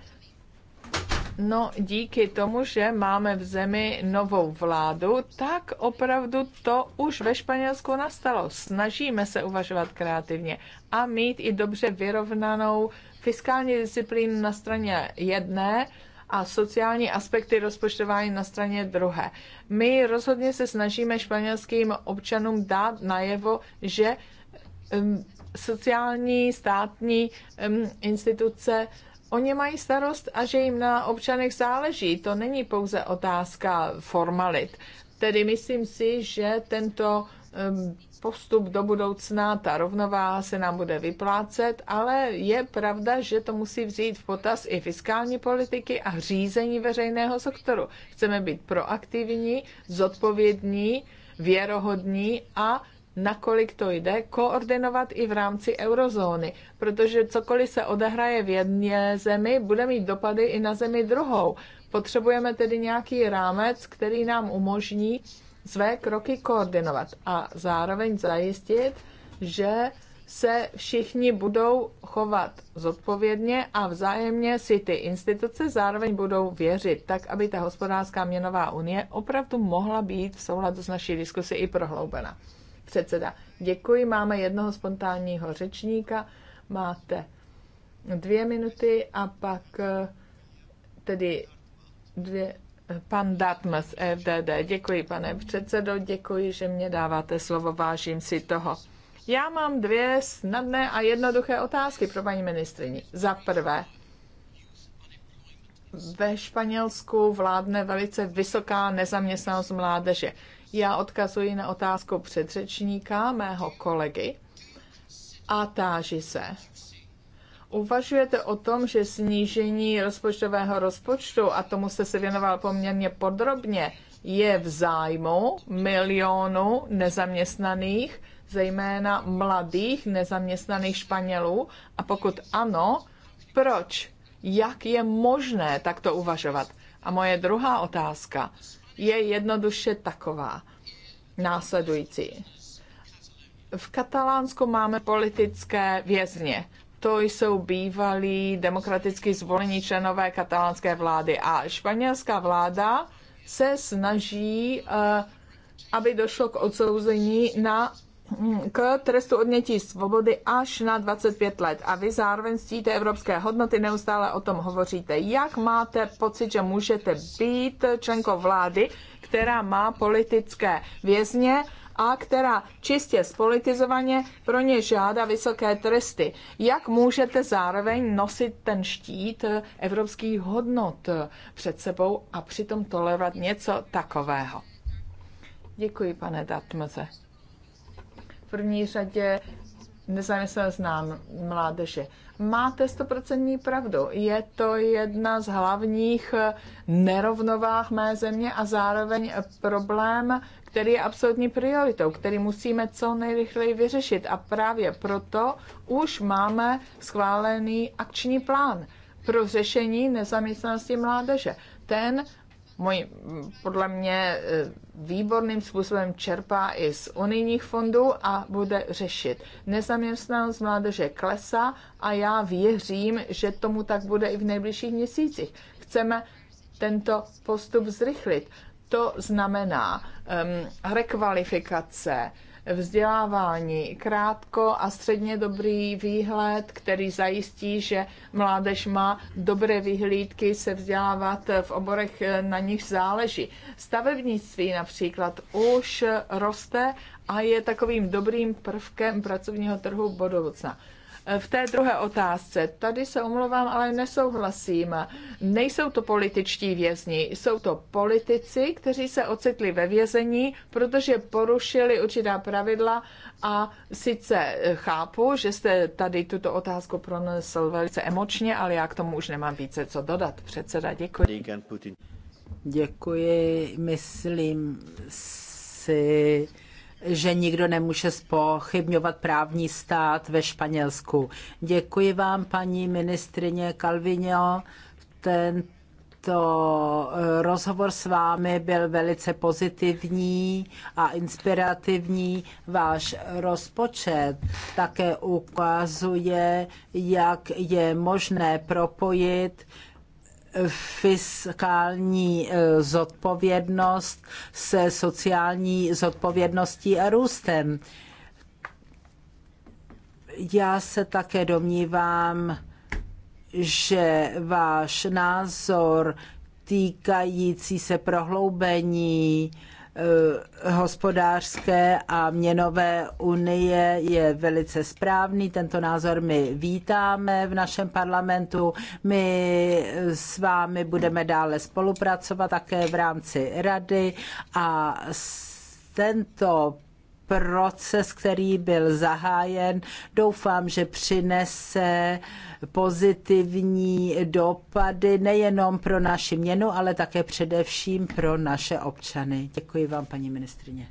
No, díky tomu, že máme v zemi novou vládu, tak opravdu to už ve Španělsku nastalo. Snažíme se uvažovat kreativně a mít i dobře vyrovnanou fiskální disciplínu na straně jedné a sociální aspekty rozpočtování na straně druhé. My rozhodně se snažíme španělským občanům dát najevo, že sociální státní instituce Oni mají starost a že jim na občanech záleží. To není pouze otázka formalit. Tedy myslím si, že tento postup do budoucna, ta rovnováha se nám bude vyplácet, ale je pravda, že to musí vzít v potaz i fiskální politiky a řízení veřejného sektoru. Chceme být proaktivní, zodpovědní, věrohodní a nakolik to jde, koordinovat i v rámci eurozóny, protože cokoliv se odehraje v jedné zemi, bude mít dopady i na zemi druhou. Potřebujeme tedy nějaký rámec, který nám umožní své kroky koordinovat a zároveň zajistit, že se všichni budou chovat zodpovědně a vzájemně si ty instituce zároveň budou věřit, tak aby ta hospodářská měnová unie opravdu mohla být v souladu s naší diskusi i prohloubena. Předseda, děkuji, máme jednoho spontánního řečníka, máte dvě minuty a pak eh, tedy dvě Pan Datmas, FDD, děkuji pane předsedo, děkuji, že mě dáváte slovo, vážím si toho. Já mám dvě snadné a jednoduché otázky pro paní ministrině. Za prvé, ve Španělsku vládne velice vysoká nezaměstnanost mládeže. Já odkazuji na otázku předřečníka, mého kolegy, a táži se, Uvažujete o tom, že snížení rozpočtového rozpočtu, a tomu jste se věnoval poměrně podrobně, je v zájmu milionu nezaměstnaných, zejména mladých nezaměstnaných Španělů? A pokud ano, proč? Jak je možné takto uvažovat? A moje druhá otázka je jednoduše taková, následující. V Katalánsku máme politické vězně to jsou bývalí demokraticky zvolení členové katalánské vlády. A španělská vláda se snaží, eh, aby došlo k odsouzení na hm, k trestu odnětí svobody až na 25 let. A vy zároveň ctíte evropské hodnoty, neustále o tom hovoříte. Jak máte pocit, že můžete být členkou vlády, která má politické vězně, a která čistě spolitizovaně pro ně žádá vysoké tresty. Jak můžete zároveň nosit ten štít evropských hodnot před sebou a přitom tolerovat něco takového? Děkuji, pane Datmze. V první řadě nezávisle znám mládeže. Máte stoprocentní pravdu. Je to jedna z hlavních nerovnovách mé země a zároveň problém, který je absolutní prioritou, který musíme co nejrychleji vyřešit. A právě proto už máme schválený akční plán pro řešení nezaměstnanosti mládeže. Ten můj, podle mě eh, výborným způsobem čerpá i z unijních fondů a bude řešit. Nezaměstnanost mládeže klesá a já věřím, že tomu tak bude i v nejbližších měsících. Chceme tento postup zrychlit. To znamená um, rekvalifikace, vzdělávání, krátko a středně dobrý výhled, který zajistí, že mládež má dobré vyhlídky se vzdělávat v oborech, eh, na nich záleží. Stavebnictví například už roste a je takovým dobrým prvkem pracovního trhu budoucna. V té druhé otázce, tady se omlouvám, ale nesouhlasím. Nejsou to političtí vězni, jsou to politici, kteří se ocitli ve vězení, protože porušili určitá pravidla a sice chápu, že jste tady tuto otázku pronesl velice emočně, ale já k tomu už nemám více co dodat. Předseda, děkuji. Děkuji, myslím si, že nikdo nemůže spochybňovat právní stát ve Španělsku. Děkuji vám, paní ministrině Calvino. Tento eh, rozhovor s vámi byl velice pozitivní a inspirativní. Váš rozpočet také ukazuje, jak je možné propojit fiskální eh, zodpovědnost se sociální zodpovědností a růstem. Já se také domnívám, že váš názor týkající se prohloubení Eh, hospodářské a měnové unie je velice správný. Tento názor my vítáme v našem parlamentu. My s vámi budeme dále spolupracovat také v rámci rady a tento proces, který byl zahájen, doufám, že přinese pozitivní dopady nejenom pro naši měnu, ale také především pro naše občany. Děkuji vám, paní ministrině.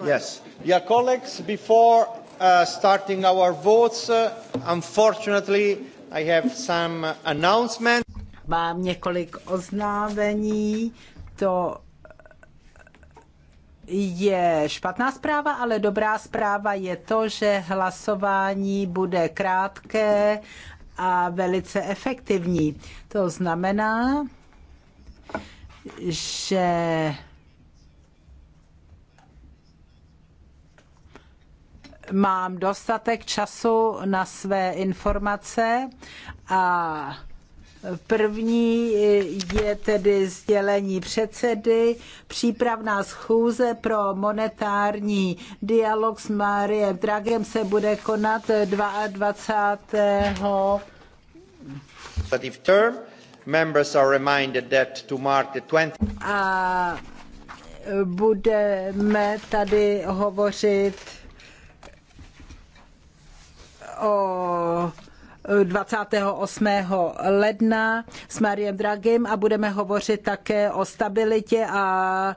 Yes. Dear colleagues, before uh, starting our votes, uh, unfortunately, I have some announcements. Mám několik oznávení. To uh, je špatná zpráva, ale dobrá zpráva je to, že hlasování bude krátké a velice efektivní. To znamená, že mám dostatek času na své informace a První je tedy sdělení předsedy, přípravná schůze pro monetární dialog s Mariem Dragem se bude konat 22. Members are reminded that to mark the 20 a budeme tady hovořit o 28. ledna s Mariem Dragim a budeme hovořit také o stabilitě a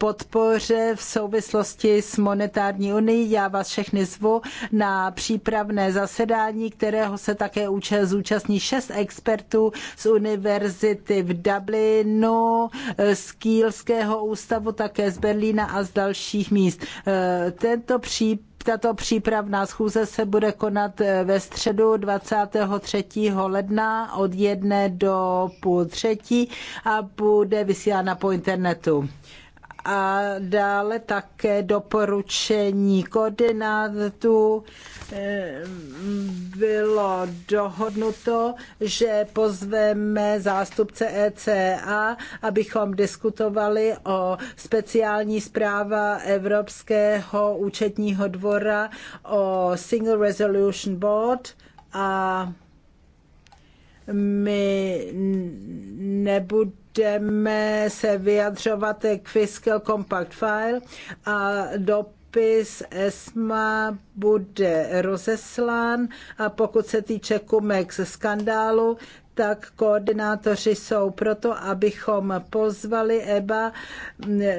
podpoře v souvislosti s monetární unii. Já vás všechny zvu na přípravné zasedání, kterého se také zúčastní šest expertů z univerzity v Dublinu, z Kielského ústavu, také z Berlína a z dalších míst. E, tento případ tato přípravná schůze se bude konat eh, ve středu 23. ledna od 1 do půl třetí a bude vysílána po internetu a dále také doporučení koordinátů Eh, bylo dohodnuto, že pozveme zástupce ECA, abychom diskutovali o speciální zpráva Evropského účetního dvora o Single Resolution Board a my nebudeme budeme se vyjadřovat k Fiscal Compact File a do dopis ESMA bude rozeslán a pokud se týče Kumex skandálu, tak koordinátoři jsou proto, abychom pozvali EBA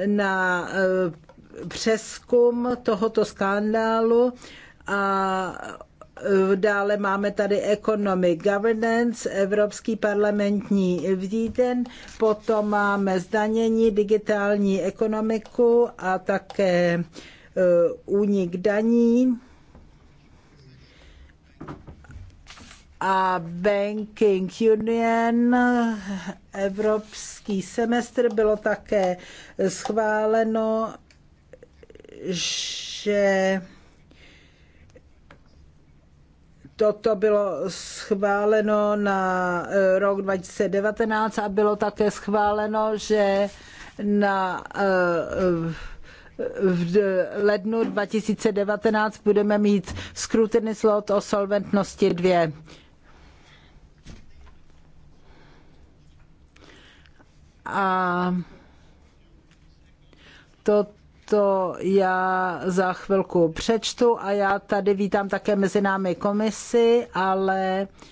na eh, přeskum tohoto skandálu a eh, Dále máme tady Economic Governance, Evropský parlamentní výden, potom máme zdanění, digitální ekonomiku a také Eh, únik daní a Banking Union, evropský semestr, bylo také schváleno, že toto bylo schváleno na eh, rok 2019 a bylo také schváleno, že na uh, v lednu 2019 budeme mít scrutiny slot o solventnosti 2. A toto já za chvilku přečtu a já tady vítám také mezi námi komisi, ale uh,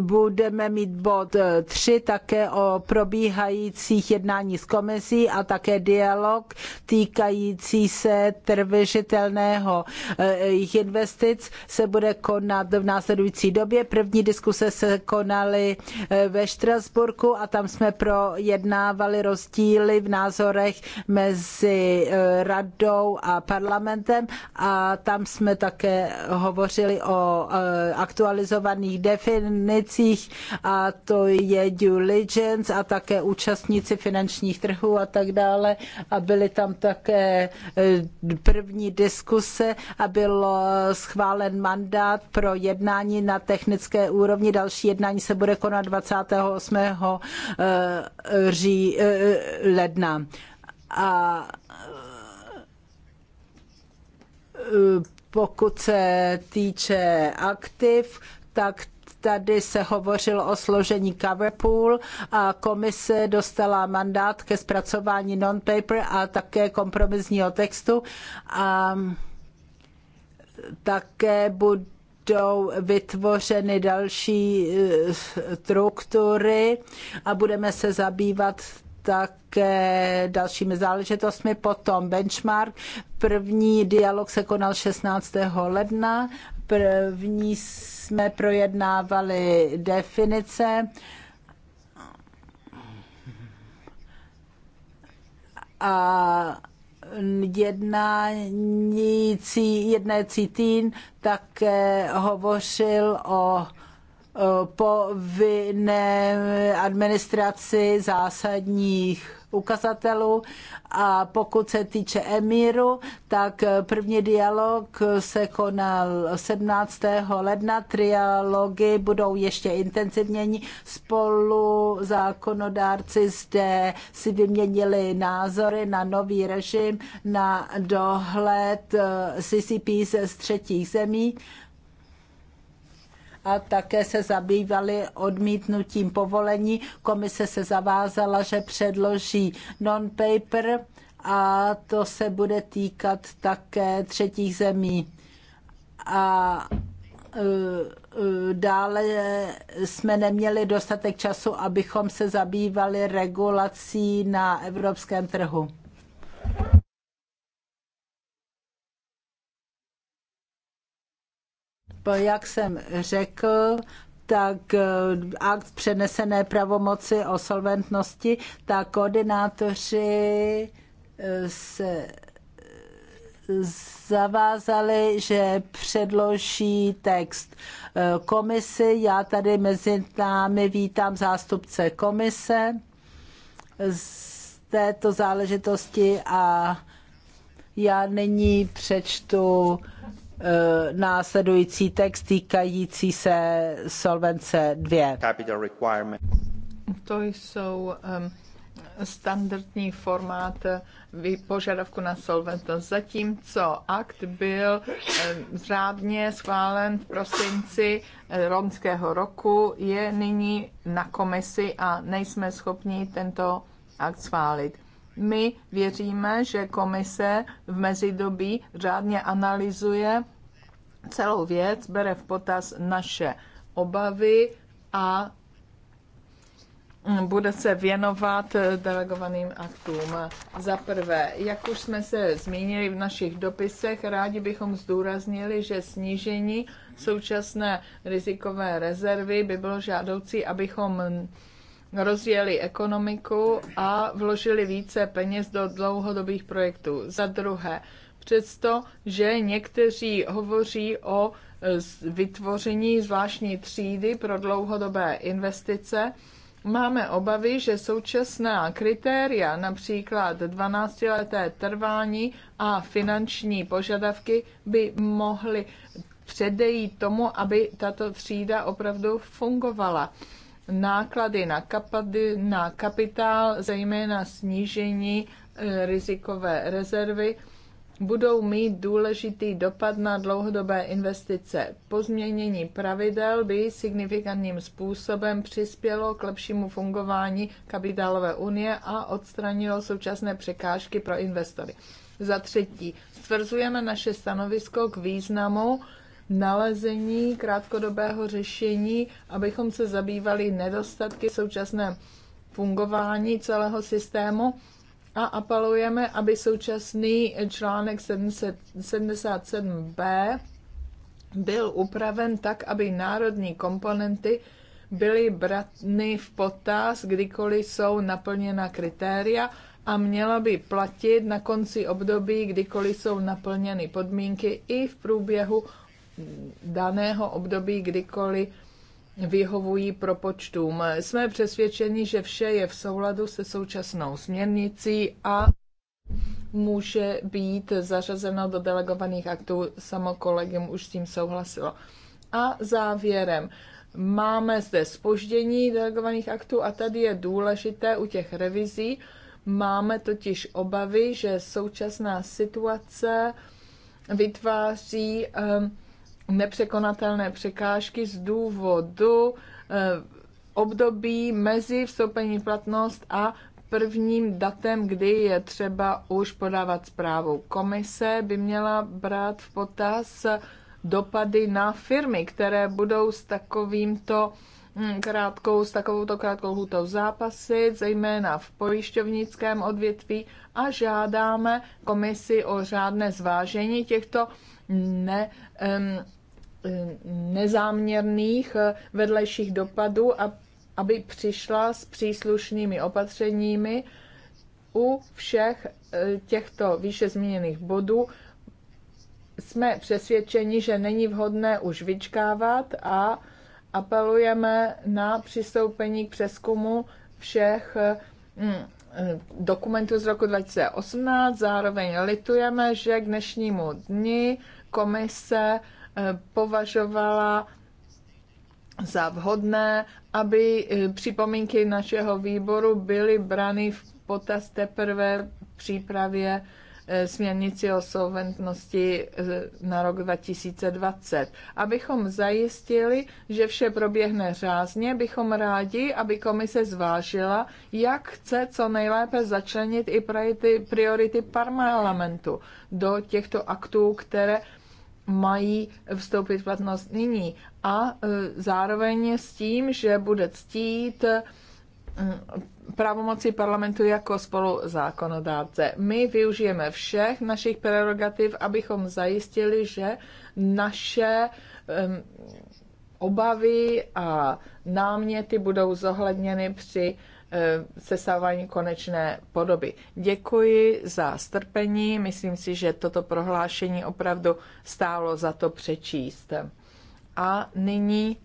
budeme mít bod 3 eh, také o probíhajících jednání s komisí a také dialog týkající se trvěžitelného eh, investic se bude konat v následující době. První diskuse se konaly eh, ve Štrasburku a tam jsme projednávali rozdíly v názorech mezi radou a parlamentem a tam jsme také hovořili o aktualizovaných definicích rizicích a to je due diligence a také účastníci finančních trhů a tak dále a byly tam také eh, první diskuse a byl schválen mandát pro jednání na technické úrovni. Další jednání se bude konat 28. Eh, ří, eh, ledna. A pokud se týče aktiv, tak Tady se hovořilo o složení pool a komise dostala mandát ke zpracování non-paper a také kompromisního textu a také budou vytvořeny další eh, struktury a budeme se zabývat také dalšími záležitostmi. Potom benchmark. První dialog se konal 16. ledna první jsme projednávali definice a jednání, jedné cítín také hovořil o povinné administraci zásadních ukazatelů a pokud se týče Emíru, tak první dialog se konal 17. ledna, trialogy budou ještě intenzivněji spolu zákonodárci zde si vyměnili názory na nový režim, na dohled eh, CCP ze třetích zemí a také se zabývali odmítnutím povolení. Komise se zavázala, že předloží non-paper a to se bude týkat také třetích zemí. A e, e, dále jsme neměli dostatek času, abychom se zabývali regulací na evropském trhu. jak jsem řekl, tak eh, akt přenesené pravomoci o solventnosti, tak koordinátoři eh, se eh, zavázali, že předloží text komisi. Já tady mezi námi vítám zástupce komise z této záležitosti a já nyní přečtu Eh, následující text týkající se solvence 2. To jsou um, standardní formát eh, požadavku na solventnost. Zatímco akt byl řádně schválen v prosinci romského eh, roku, je nyní na komisi a nejsme schopni tento akt schválit. My věříme, že komise v mezidobí řádně analyzuje celou věc, bere v potaz naše obavy a mm, bude se věnovat eh, delegovaným aktům. Za prvé, jak už jsme se zmínili v našich dopisech, rádi bychom zdůraznili, že snížení současné rizikové rezervy by bylo žádoucí, abychom rozjeli ekonomiku a vložili více peněz do dlouhodobých projektů. Za druhé, přesto, že někteří hovoří o e, vytvoření zvláštní třídy pro dlouhodobé investice, Máme obavy, že současná kritéria, například 12-leté trvání a finanční požadavky, by mohly předejít tomu, aby tato třída opravdu fungovala náklady na, kapady, na kapitál, zejména snížení e, rizikové rezervy, budou mít důležitý dopad na dlouhodobé investice. Pozměnění pravidel by signifikantním způsobem přispělo k lepšímu fungování kapitálové unie a odstranilo současné překážky pro investory. Za třetí, stvrzujeme naše stanovisko k významu nalezení krátkodobého řešení, abychom se zabývali nedostatky současné fungování celého systému a apelujeme, aby současný článek 77b byl upraven tak, aby národní komponenty byly bratny v potaz, kdykoliv jsou naplněna kritéria a měla by platit na konci období, kdykoliv jsou naplněny podmínky i v průběhu daného období kdykoliv vyhovují propočtům. Jsme přesvědčeni, že vše je v souladu se současnou směrnicí a může být zařazeno do delegovaných aktů. Samo kolegium už s tím souhlasilo. A závěrem. Máme zde spoždění delegovaných aktů a tady je důležité u těch revizí. Máme totiž obavy, že současná situace vytváří um, nepřekonatelné překážky z důvodu eh, období mezi vstoupení platnost a prvním datem, kdy je třeba už podávat zprávu. Komise by měla brát v potaz dopady na firmy, které budou s takovýmto hm, krátkou, s takovouto krátkou lhutou zápasit, zejména v pojišťovnickém odvětví a žádáme komisi o řádné zvážení těchto ne, nezáměrných eh, vedlejších dopadů a aby přišla s příslušnými opatřeními u všech eh, těchto výše zmíněných bodů. Jsme přesvědčeni, že není vhodné už vyčkávat a apelujeme na přistoupení k přeskumu všech eh, mm, dokumentů z roku 2018. Zároveň litujeme, že k dnešnímu dni komise eh, považovala za vhodné, aby eh, připomínky našeho výboru byly brany v potaz teprve v přípravě eh, směrnici o solventnosti na rok 2020. Abychom zajistili, že vše proběhne řázně, bychom rádi, aby komise zvážila, jak chce co nejlépe začlenit i priority, priority parlamentu do těchto aktů, které mají vstoupit v platnost nyní. A e, zároveň s tím, že bude ctít e, pravomoci parlamentu jako zákonodárce. My využijeme všech našich prerogativ, abychom zajistili, že naše um, obavy a náměty budou zohledněny při Eh, sesávání konečné podoby. Děkuji za strpení, myslím si, že toto prohlášení opravdu stálo za to přečíst. A nyní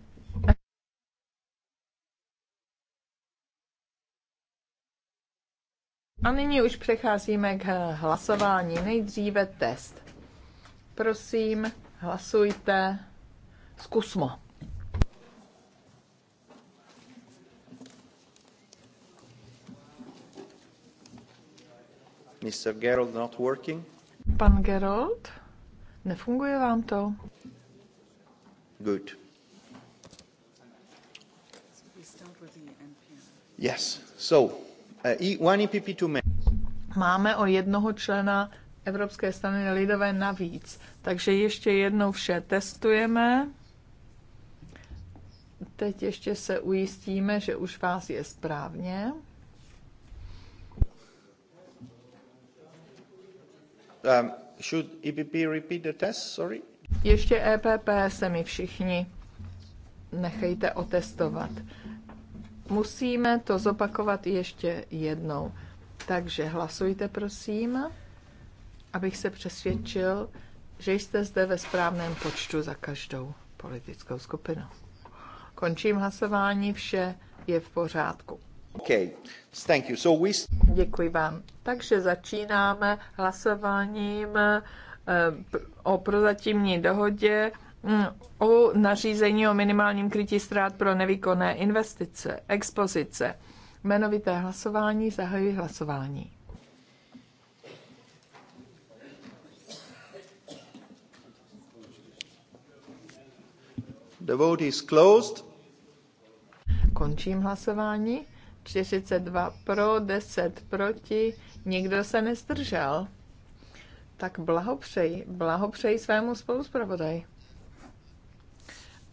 A nyní už přecházíme k hlasování. Nejdříve test. Prosím, hlasujte. Zkusmo. Mr. Gerold not working? Pan Gerald, nefunguje vám to? Good. Yes. So, uh, one EPP to many. Máme o jednoho člena Evropské strany lidové navíc. Takže ještě jednou vše testujeme. Teď ještě se ujistíme, že už vás je správně. Um, should EPP repeat the test? Sorry. Ještě EPP se mi všichni nechejte otestovat. Musíme to zopakovat ještě jednou. Takže hlasujte, prosím, abych se přesvědčil, že jste zde ve správném počtu za každou politickou skupinu. Končím hlasování, vše je v pořádku. Děkuji vám. Takže začínáme hlasováním eh, o prozatímní dohodě mm, o nařízení o minimálním krytí ztrát pro nevýkonné investice, expozice. Jmenovité hlasování, zahajuji hlasování. The vote is closed. Končím hlasování. 42 pro, 10 proti, nikdo se nestržel. Tak blahopřeji, blahopřeji svému spoluzpravodaji.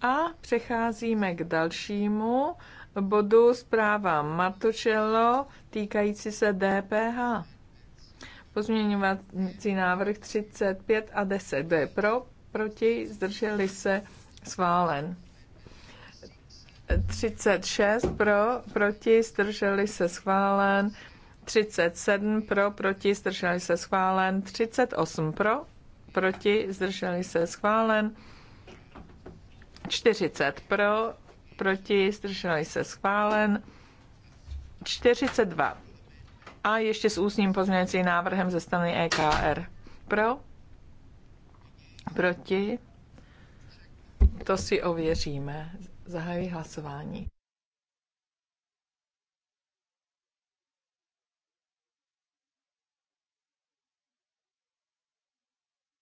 A přecházíme k dalšímu bodu zpráva Matočelo týkající se DPH. Pozměňovací návrh 35 a 10. Kdo je pro, proti, zdrželi se, schválen. 36 pro, proti, zdrželi se schválen. 37 pro, proti, zdrželi se schválen. 38 pro, proti, zdrželi se schválen. 40 pro, proti, zdrželi se schválen. 42 a ještě s ústním pozměňovacím návrhem ze strany EKR. Pro? Proti? To si ověříme. Zahajuji hlasování.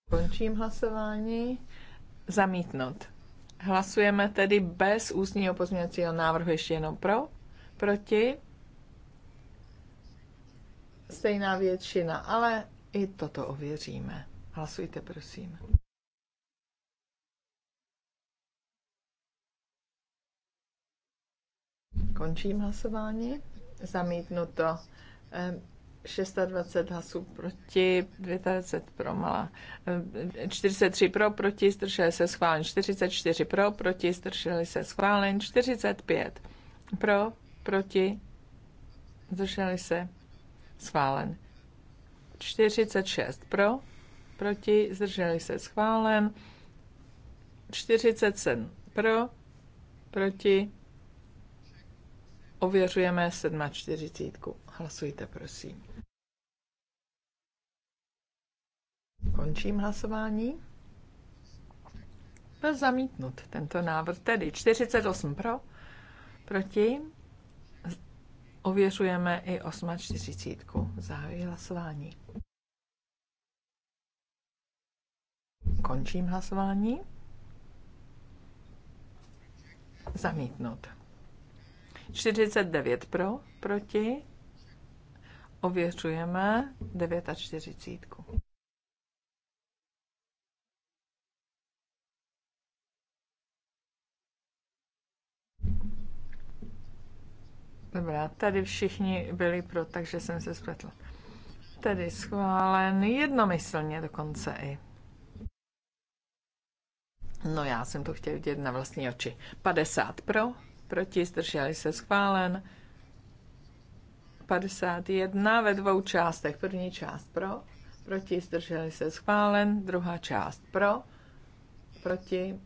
Končím hlasování. Zamítnout. Hlasujeme tedy bez ústního pozměňovacího návrhu ještě jenom pro, proti. Stejná většina, ale i toto ověříme. Hlasujte, prosím. Končím hlasování. Zamítnuto. 26 eh, hlasů proti, 20 pro malá, 43 eh, pro, proti, zdrželi se schválen, 44 pro, proti, zdrželi se schválen, 45 pro, proti, zdrželi se schválen, 46 pro, proti, zdrželi se schválen, 47 pro, proti, Ověřujeme 7.40. Hlasujte, prosím. Končím hlasování. Byl zamítnut tento návrh, tedy 48 pro, proti. Ověřujeme i 8.40. Zahajuji hlasování. Končím hlasování. Zamítnout. 49 pro, proti. Ověřujeme 49. Dobrá, tady všichni byli pro, takže jsem se spletla. Tedy schválen jednomyslně dokonce i. No já jsem to chtěl vidět na vlastní oči. 50 pro, proti, zdrželi se schválen. 51 ve dvou částech. První část pro, proti, zdrželi se schválen. Druhá část pro, proti.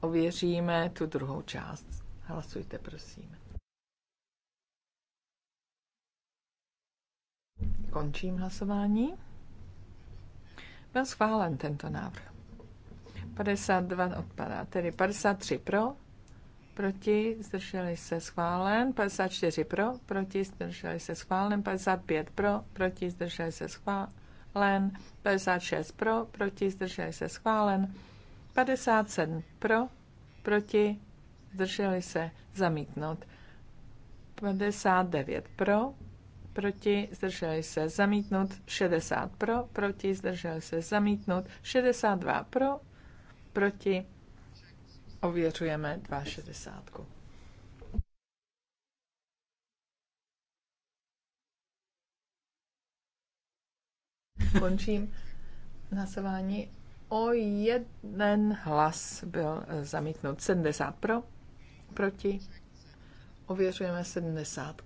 Ověříme tu druhou část. Hlasujte, prosím. Končím hlasování. Byl schválen tento návrh. 52 odpadá, tedy 53 pro, proti, zdrželi se schválen, 54 pro, proti, zdrželi se schválen, 55 pro, proti, zdrželi se schválen, 56 pro, proti, zdrželi se schválen, 57 pro, proti, zdrželi se zamítnout, 59 pro, proti, zdrželi se zamítnout, 60 pro, proti, zdrželi se zamítnout, 62 pro, proti, Ověřujeme 2,60. Končím hlasování. O jeden hlas byl eh, zamítnut. 70 pro, proti. Ověřujeme 70.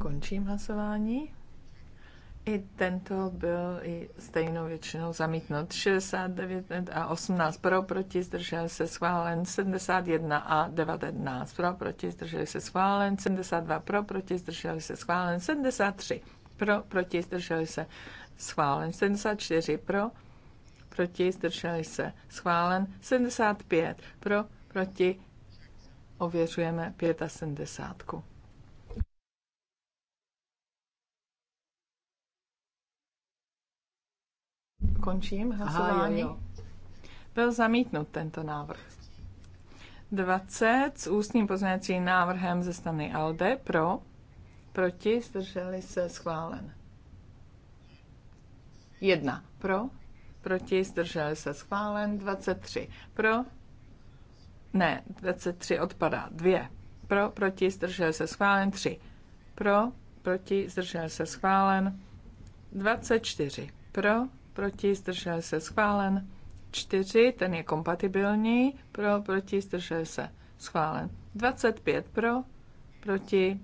Končím hlasování. I tento byl i stejnou většinou zamítnut. 69 a 18 pro, proti, zdržel se schválen. 71 a 19 pro, proti, zdržel se schválen. 72 pro, proti, zdržel se schválen. 73 pro, proti, zdržel se schválen. 74 pro, proti, zdržel se schválen. 75 pro, proti, ověřujeme 75. Končím hlasování. Byl zamítnut tento návrh. 20 s ústním pozměňovacím návrhem ze strany ALDE pro, proti, zdrželi se schválen. 1 pro, proti, zdrželi se schválen. 23 pro, ne, 23 odpadá. 2 pro, proti, zdrželi se schválen. 3 pro, proti, zdržel se schválen. 24 pro, proti, zdržel se schválen. 4, ten je kompatibilní, pro, proti, zdržel se schválen. 25 pro, proti,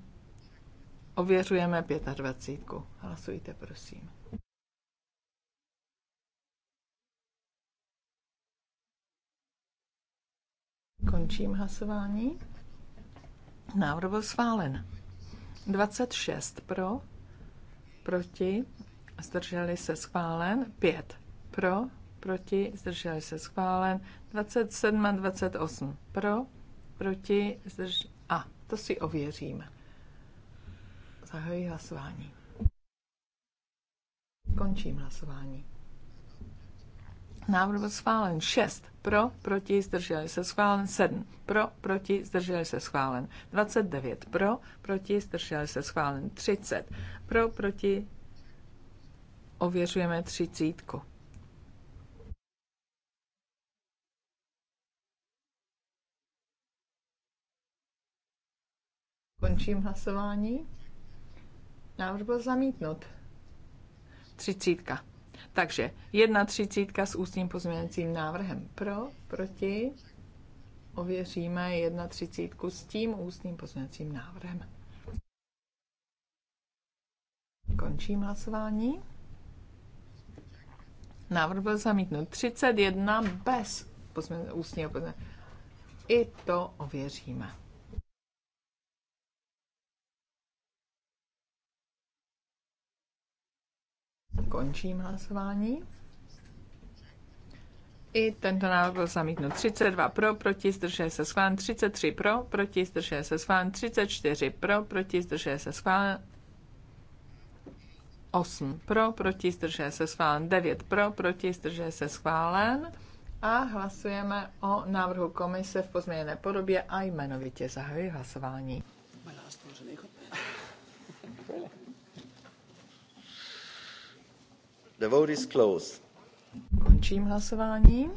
ověřujeme 25. Hlasujte, prosím. Končím hlasování. Návrh byl schválen. 26 pro, proti, zdrželi se schválen, 5 pro, proti, zdrželi se schválen, 27 a 28 pro, proti, zdrž... A, to si ověříme. Zahajuji hlasování. Končím hlasování. Návrh byl schválen 6 pro, proti, zdrželi se schválen 7 pro, proti, zdrželi se schválen 29 pro, proti, zdrželi se schválen 30 pro, proti, Ověřujeme třicítku. Končím hlasování. Návrh byl zamítnut. Třicítka. Takže jedna třicítka s ústním pozměňovacím návrhem. Pro, proti, ověříme jedna třicítku s tím ústním pozměňovacím návrhem. Končím hlasování. Návrh byl zamítnut. 31 bez pozměn, ústně, pozměn. I to ověříme. Končím hlasování. I tento návrh byl zamítnut. 32 pro, proti, zdržuje se schválen. 33 pro, proti, zdržuje se schválen. 34 pro, proti, zdržuje se schválen. 8 pro, proti, zdržel se schválen. 9 pro, proti, zdržel se schválen. A hlasujeme o návrhu komise v pozměněné podobě a jmenovitě zahajuji hlasování. The vote is closed. Končím hlasování.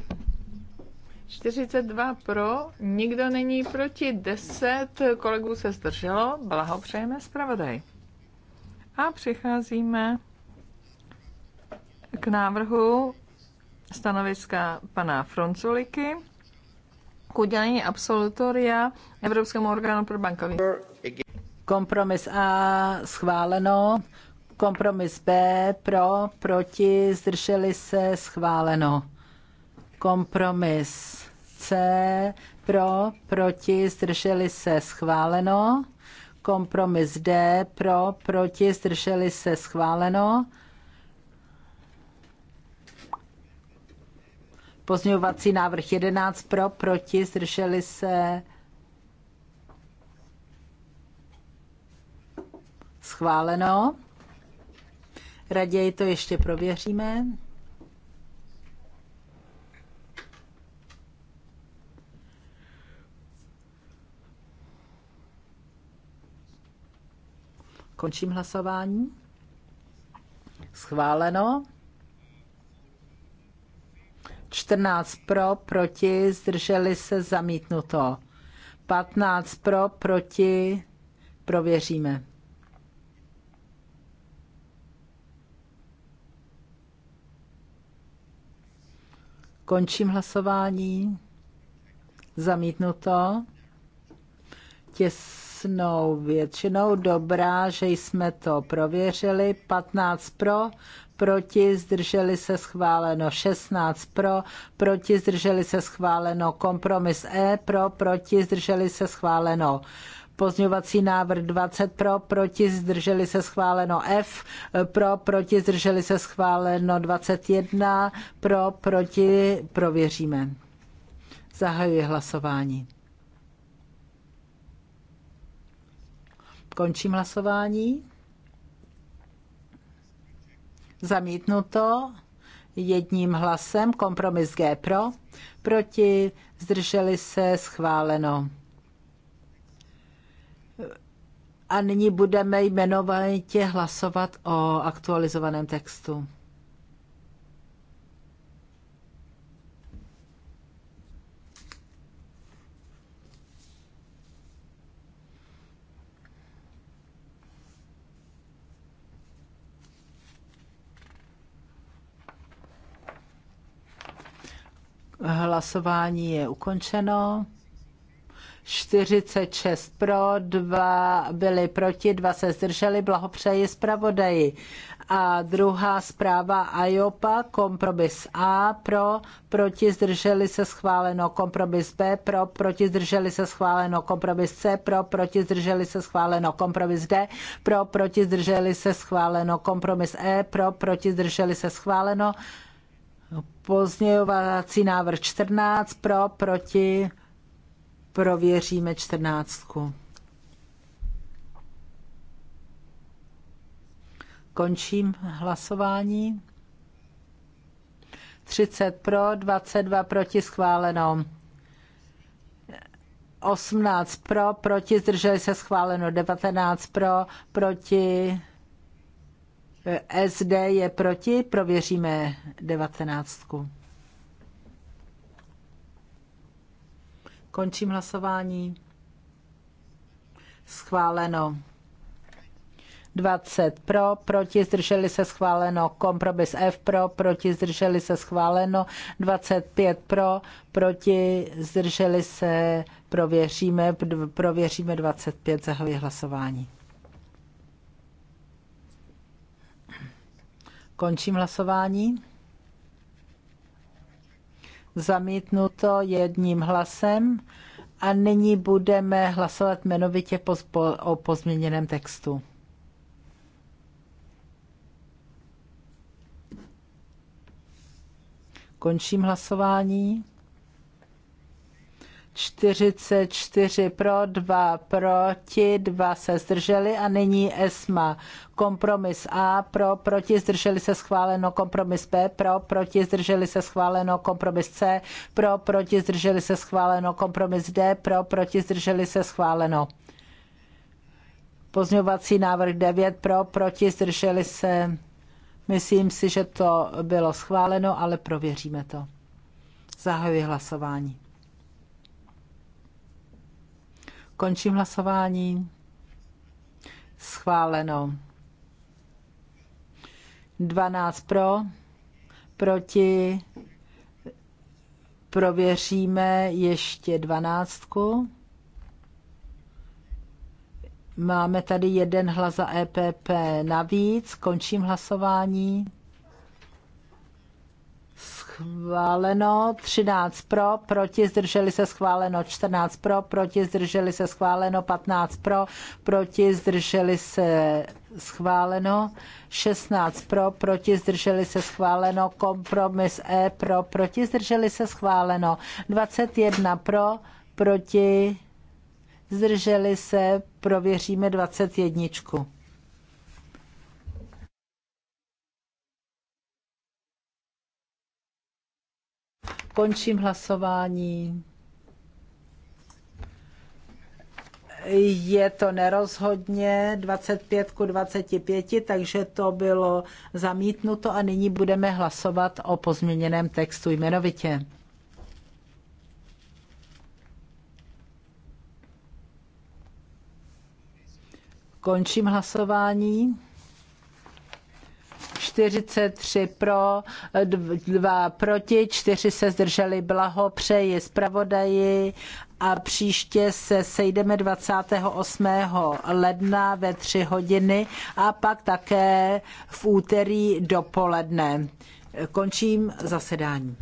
42 pro, nikdo není proti, 10 kolegů se zdrželo. Blahopřejeme zpravodaj. A přicházíme k návrhu stanoviska pana Fronculiky k udělení absolutoria Evropskému orgánu pro bankovní. Kompromis A schváleno, kompromis B pro, proti, zdrželi se, schváleno. Kompromis C pro, proti, zdrželi se, schváleno. Kompromis D pro, proti, zdrželi se schváleno. Pozměňovací návrh 11 pro, proti, zdrželi se schváleno. Raději to ještě prověříme. Končím hlasování. Schváleno. 14 pro, proti, zdrželi se, zamítnuto. 15 pro, proti, prověříme. Končím hlasování. Zamítnuto. Těs jasnou většinou. Dobrá, že jsme to prověřili. 15 pro, proti, zdrželi se schváleno 16 pro, proti, zdrželi se schváleno kompromis E pro, proti, zdrželi se schváleno pozňovací návrh 20 pro, proti, zdrželi se schváleno F, pro, proti, zdrželi se schváleno 21, pro, proti, prověříme. Zahajuji hlasování. Končím hlasování. Zamítnuto jedním hlasem. Kompromis G pro. Proti zdrželi se schváleno. A nyní budeme jmenovitě hlasovat o aktualizovaném textu. Hlasování je ukončeno. 46 pro, 2 byli proti, 2 se zdrželi, blahopřeji zpravodaji. A druhá zpráva IOPA, kompromis A pro, proti zdrželi se schváleno, kompromis B pro, proti zdrželi se schváleno, kompromis C pro, proti zdrželi se schváleno, kompromis D pro, proti zdrželi se schváleno, kompromis E pro, proti zdrželi se schváleno. Pozměňovací návrh 14 pro, proti, prověříme 14. Končím hlasování. 30 pro, 22 proti schváleno. 18 pro, proti zdrželi se schváleno. 19 pro, proti SD je proti, prověříme devatenáctku. Končím hlasování. Schváleno. 20 pro, proti zdrželi se schváleno, kompromis F pro, proti zdrželi se schváleno, 25 pro, proti zdrželi se, prověříme, prověříme 25, zahoji hlasování. Končím hlasování. Zamítnuto jedním hlasem a nyní budeme hlasovat jmenovitě o pozměněném textu. Končím hlasování. 44 pro, 2 proti, 2 se zdrželi a nyní ESMA. Kompromis A pro, proti, zdrželi se schváleno, kompromis B pro, proti, zdrželi se schváleno, kompromis C pro, proti, zdrželi se schváleno, kompromis D pro, proti, zdrželi se schváleno. Pozňovací návrh 9 pro, proti, zdrželi se. Myslím si, že to bylo schváleno, ale prověříme to. Zahajuji hlasování. Končím hlasování. Schváleno. 12 pro, proti. Prověříme ještě dvanáctku. Máme tady jeden hlas za EPP navíc. Končím hlasování schváleno, 13 pro, proti, zdrželi se schváleno, 14 pro, proti, zdrželi se schváleno, 15 pro, proti, zdrželi se schváleno, 16 pro, proti, zdrželi se schváleno, kompromis E pro, proti, zdrželi se schváleno, 21 pro, proti, zdrželi se, prověříme 21. Končím hlasování. je to nerozhodně 25 ku 25, takže to bylo zamítnuto a nyní budeme hlasovat o pozměněném textu jmenovitě. Končím hlasování. 43 pro, 2 proti, 4 se zdrželi. blaho Blahopřeji zpravodaji a příště se sejdeme 28. ledna ve 3 hodiny a pak také v úterý dopoledne. Končím zasedání.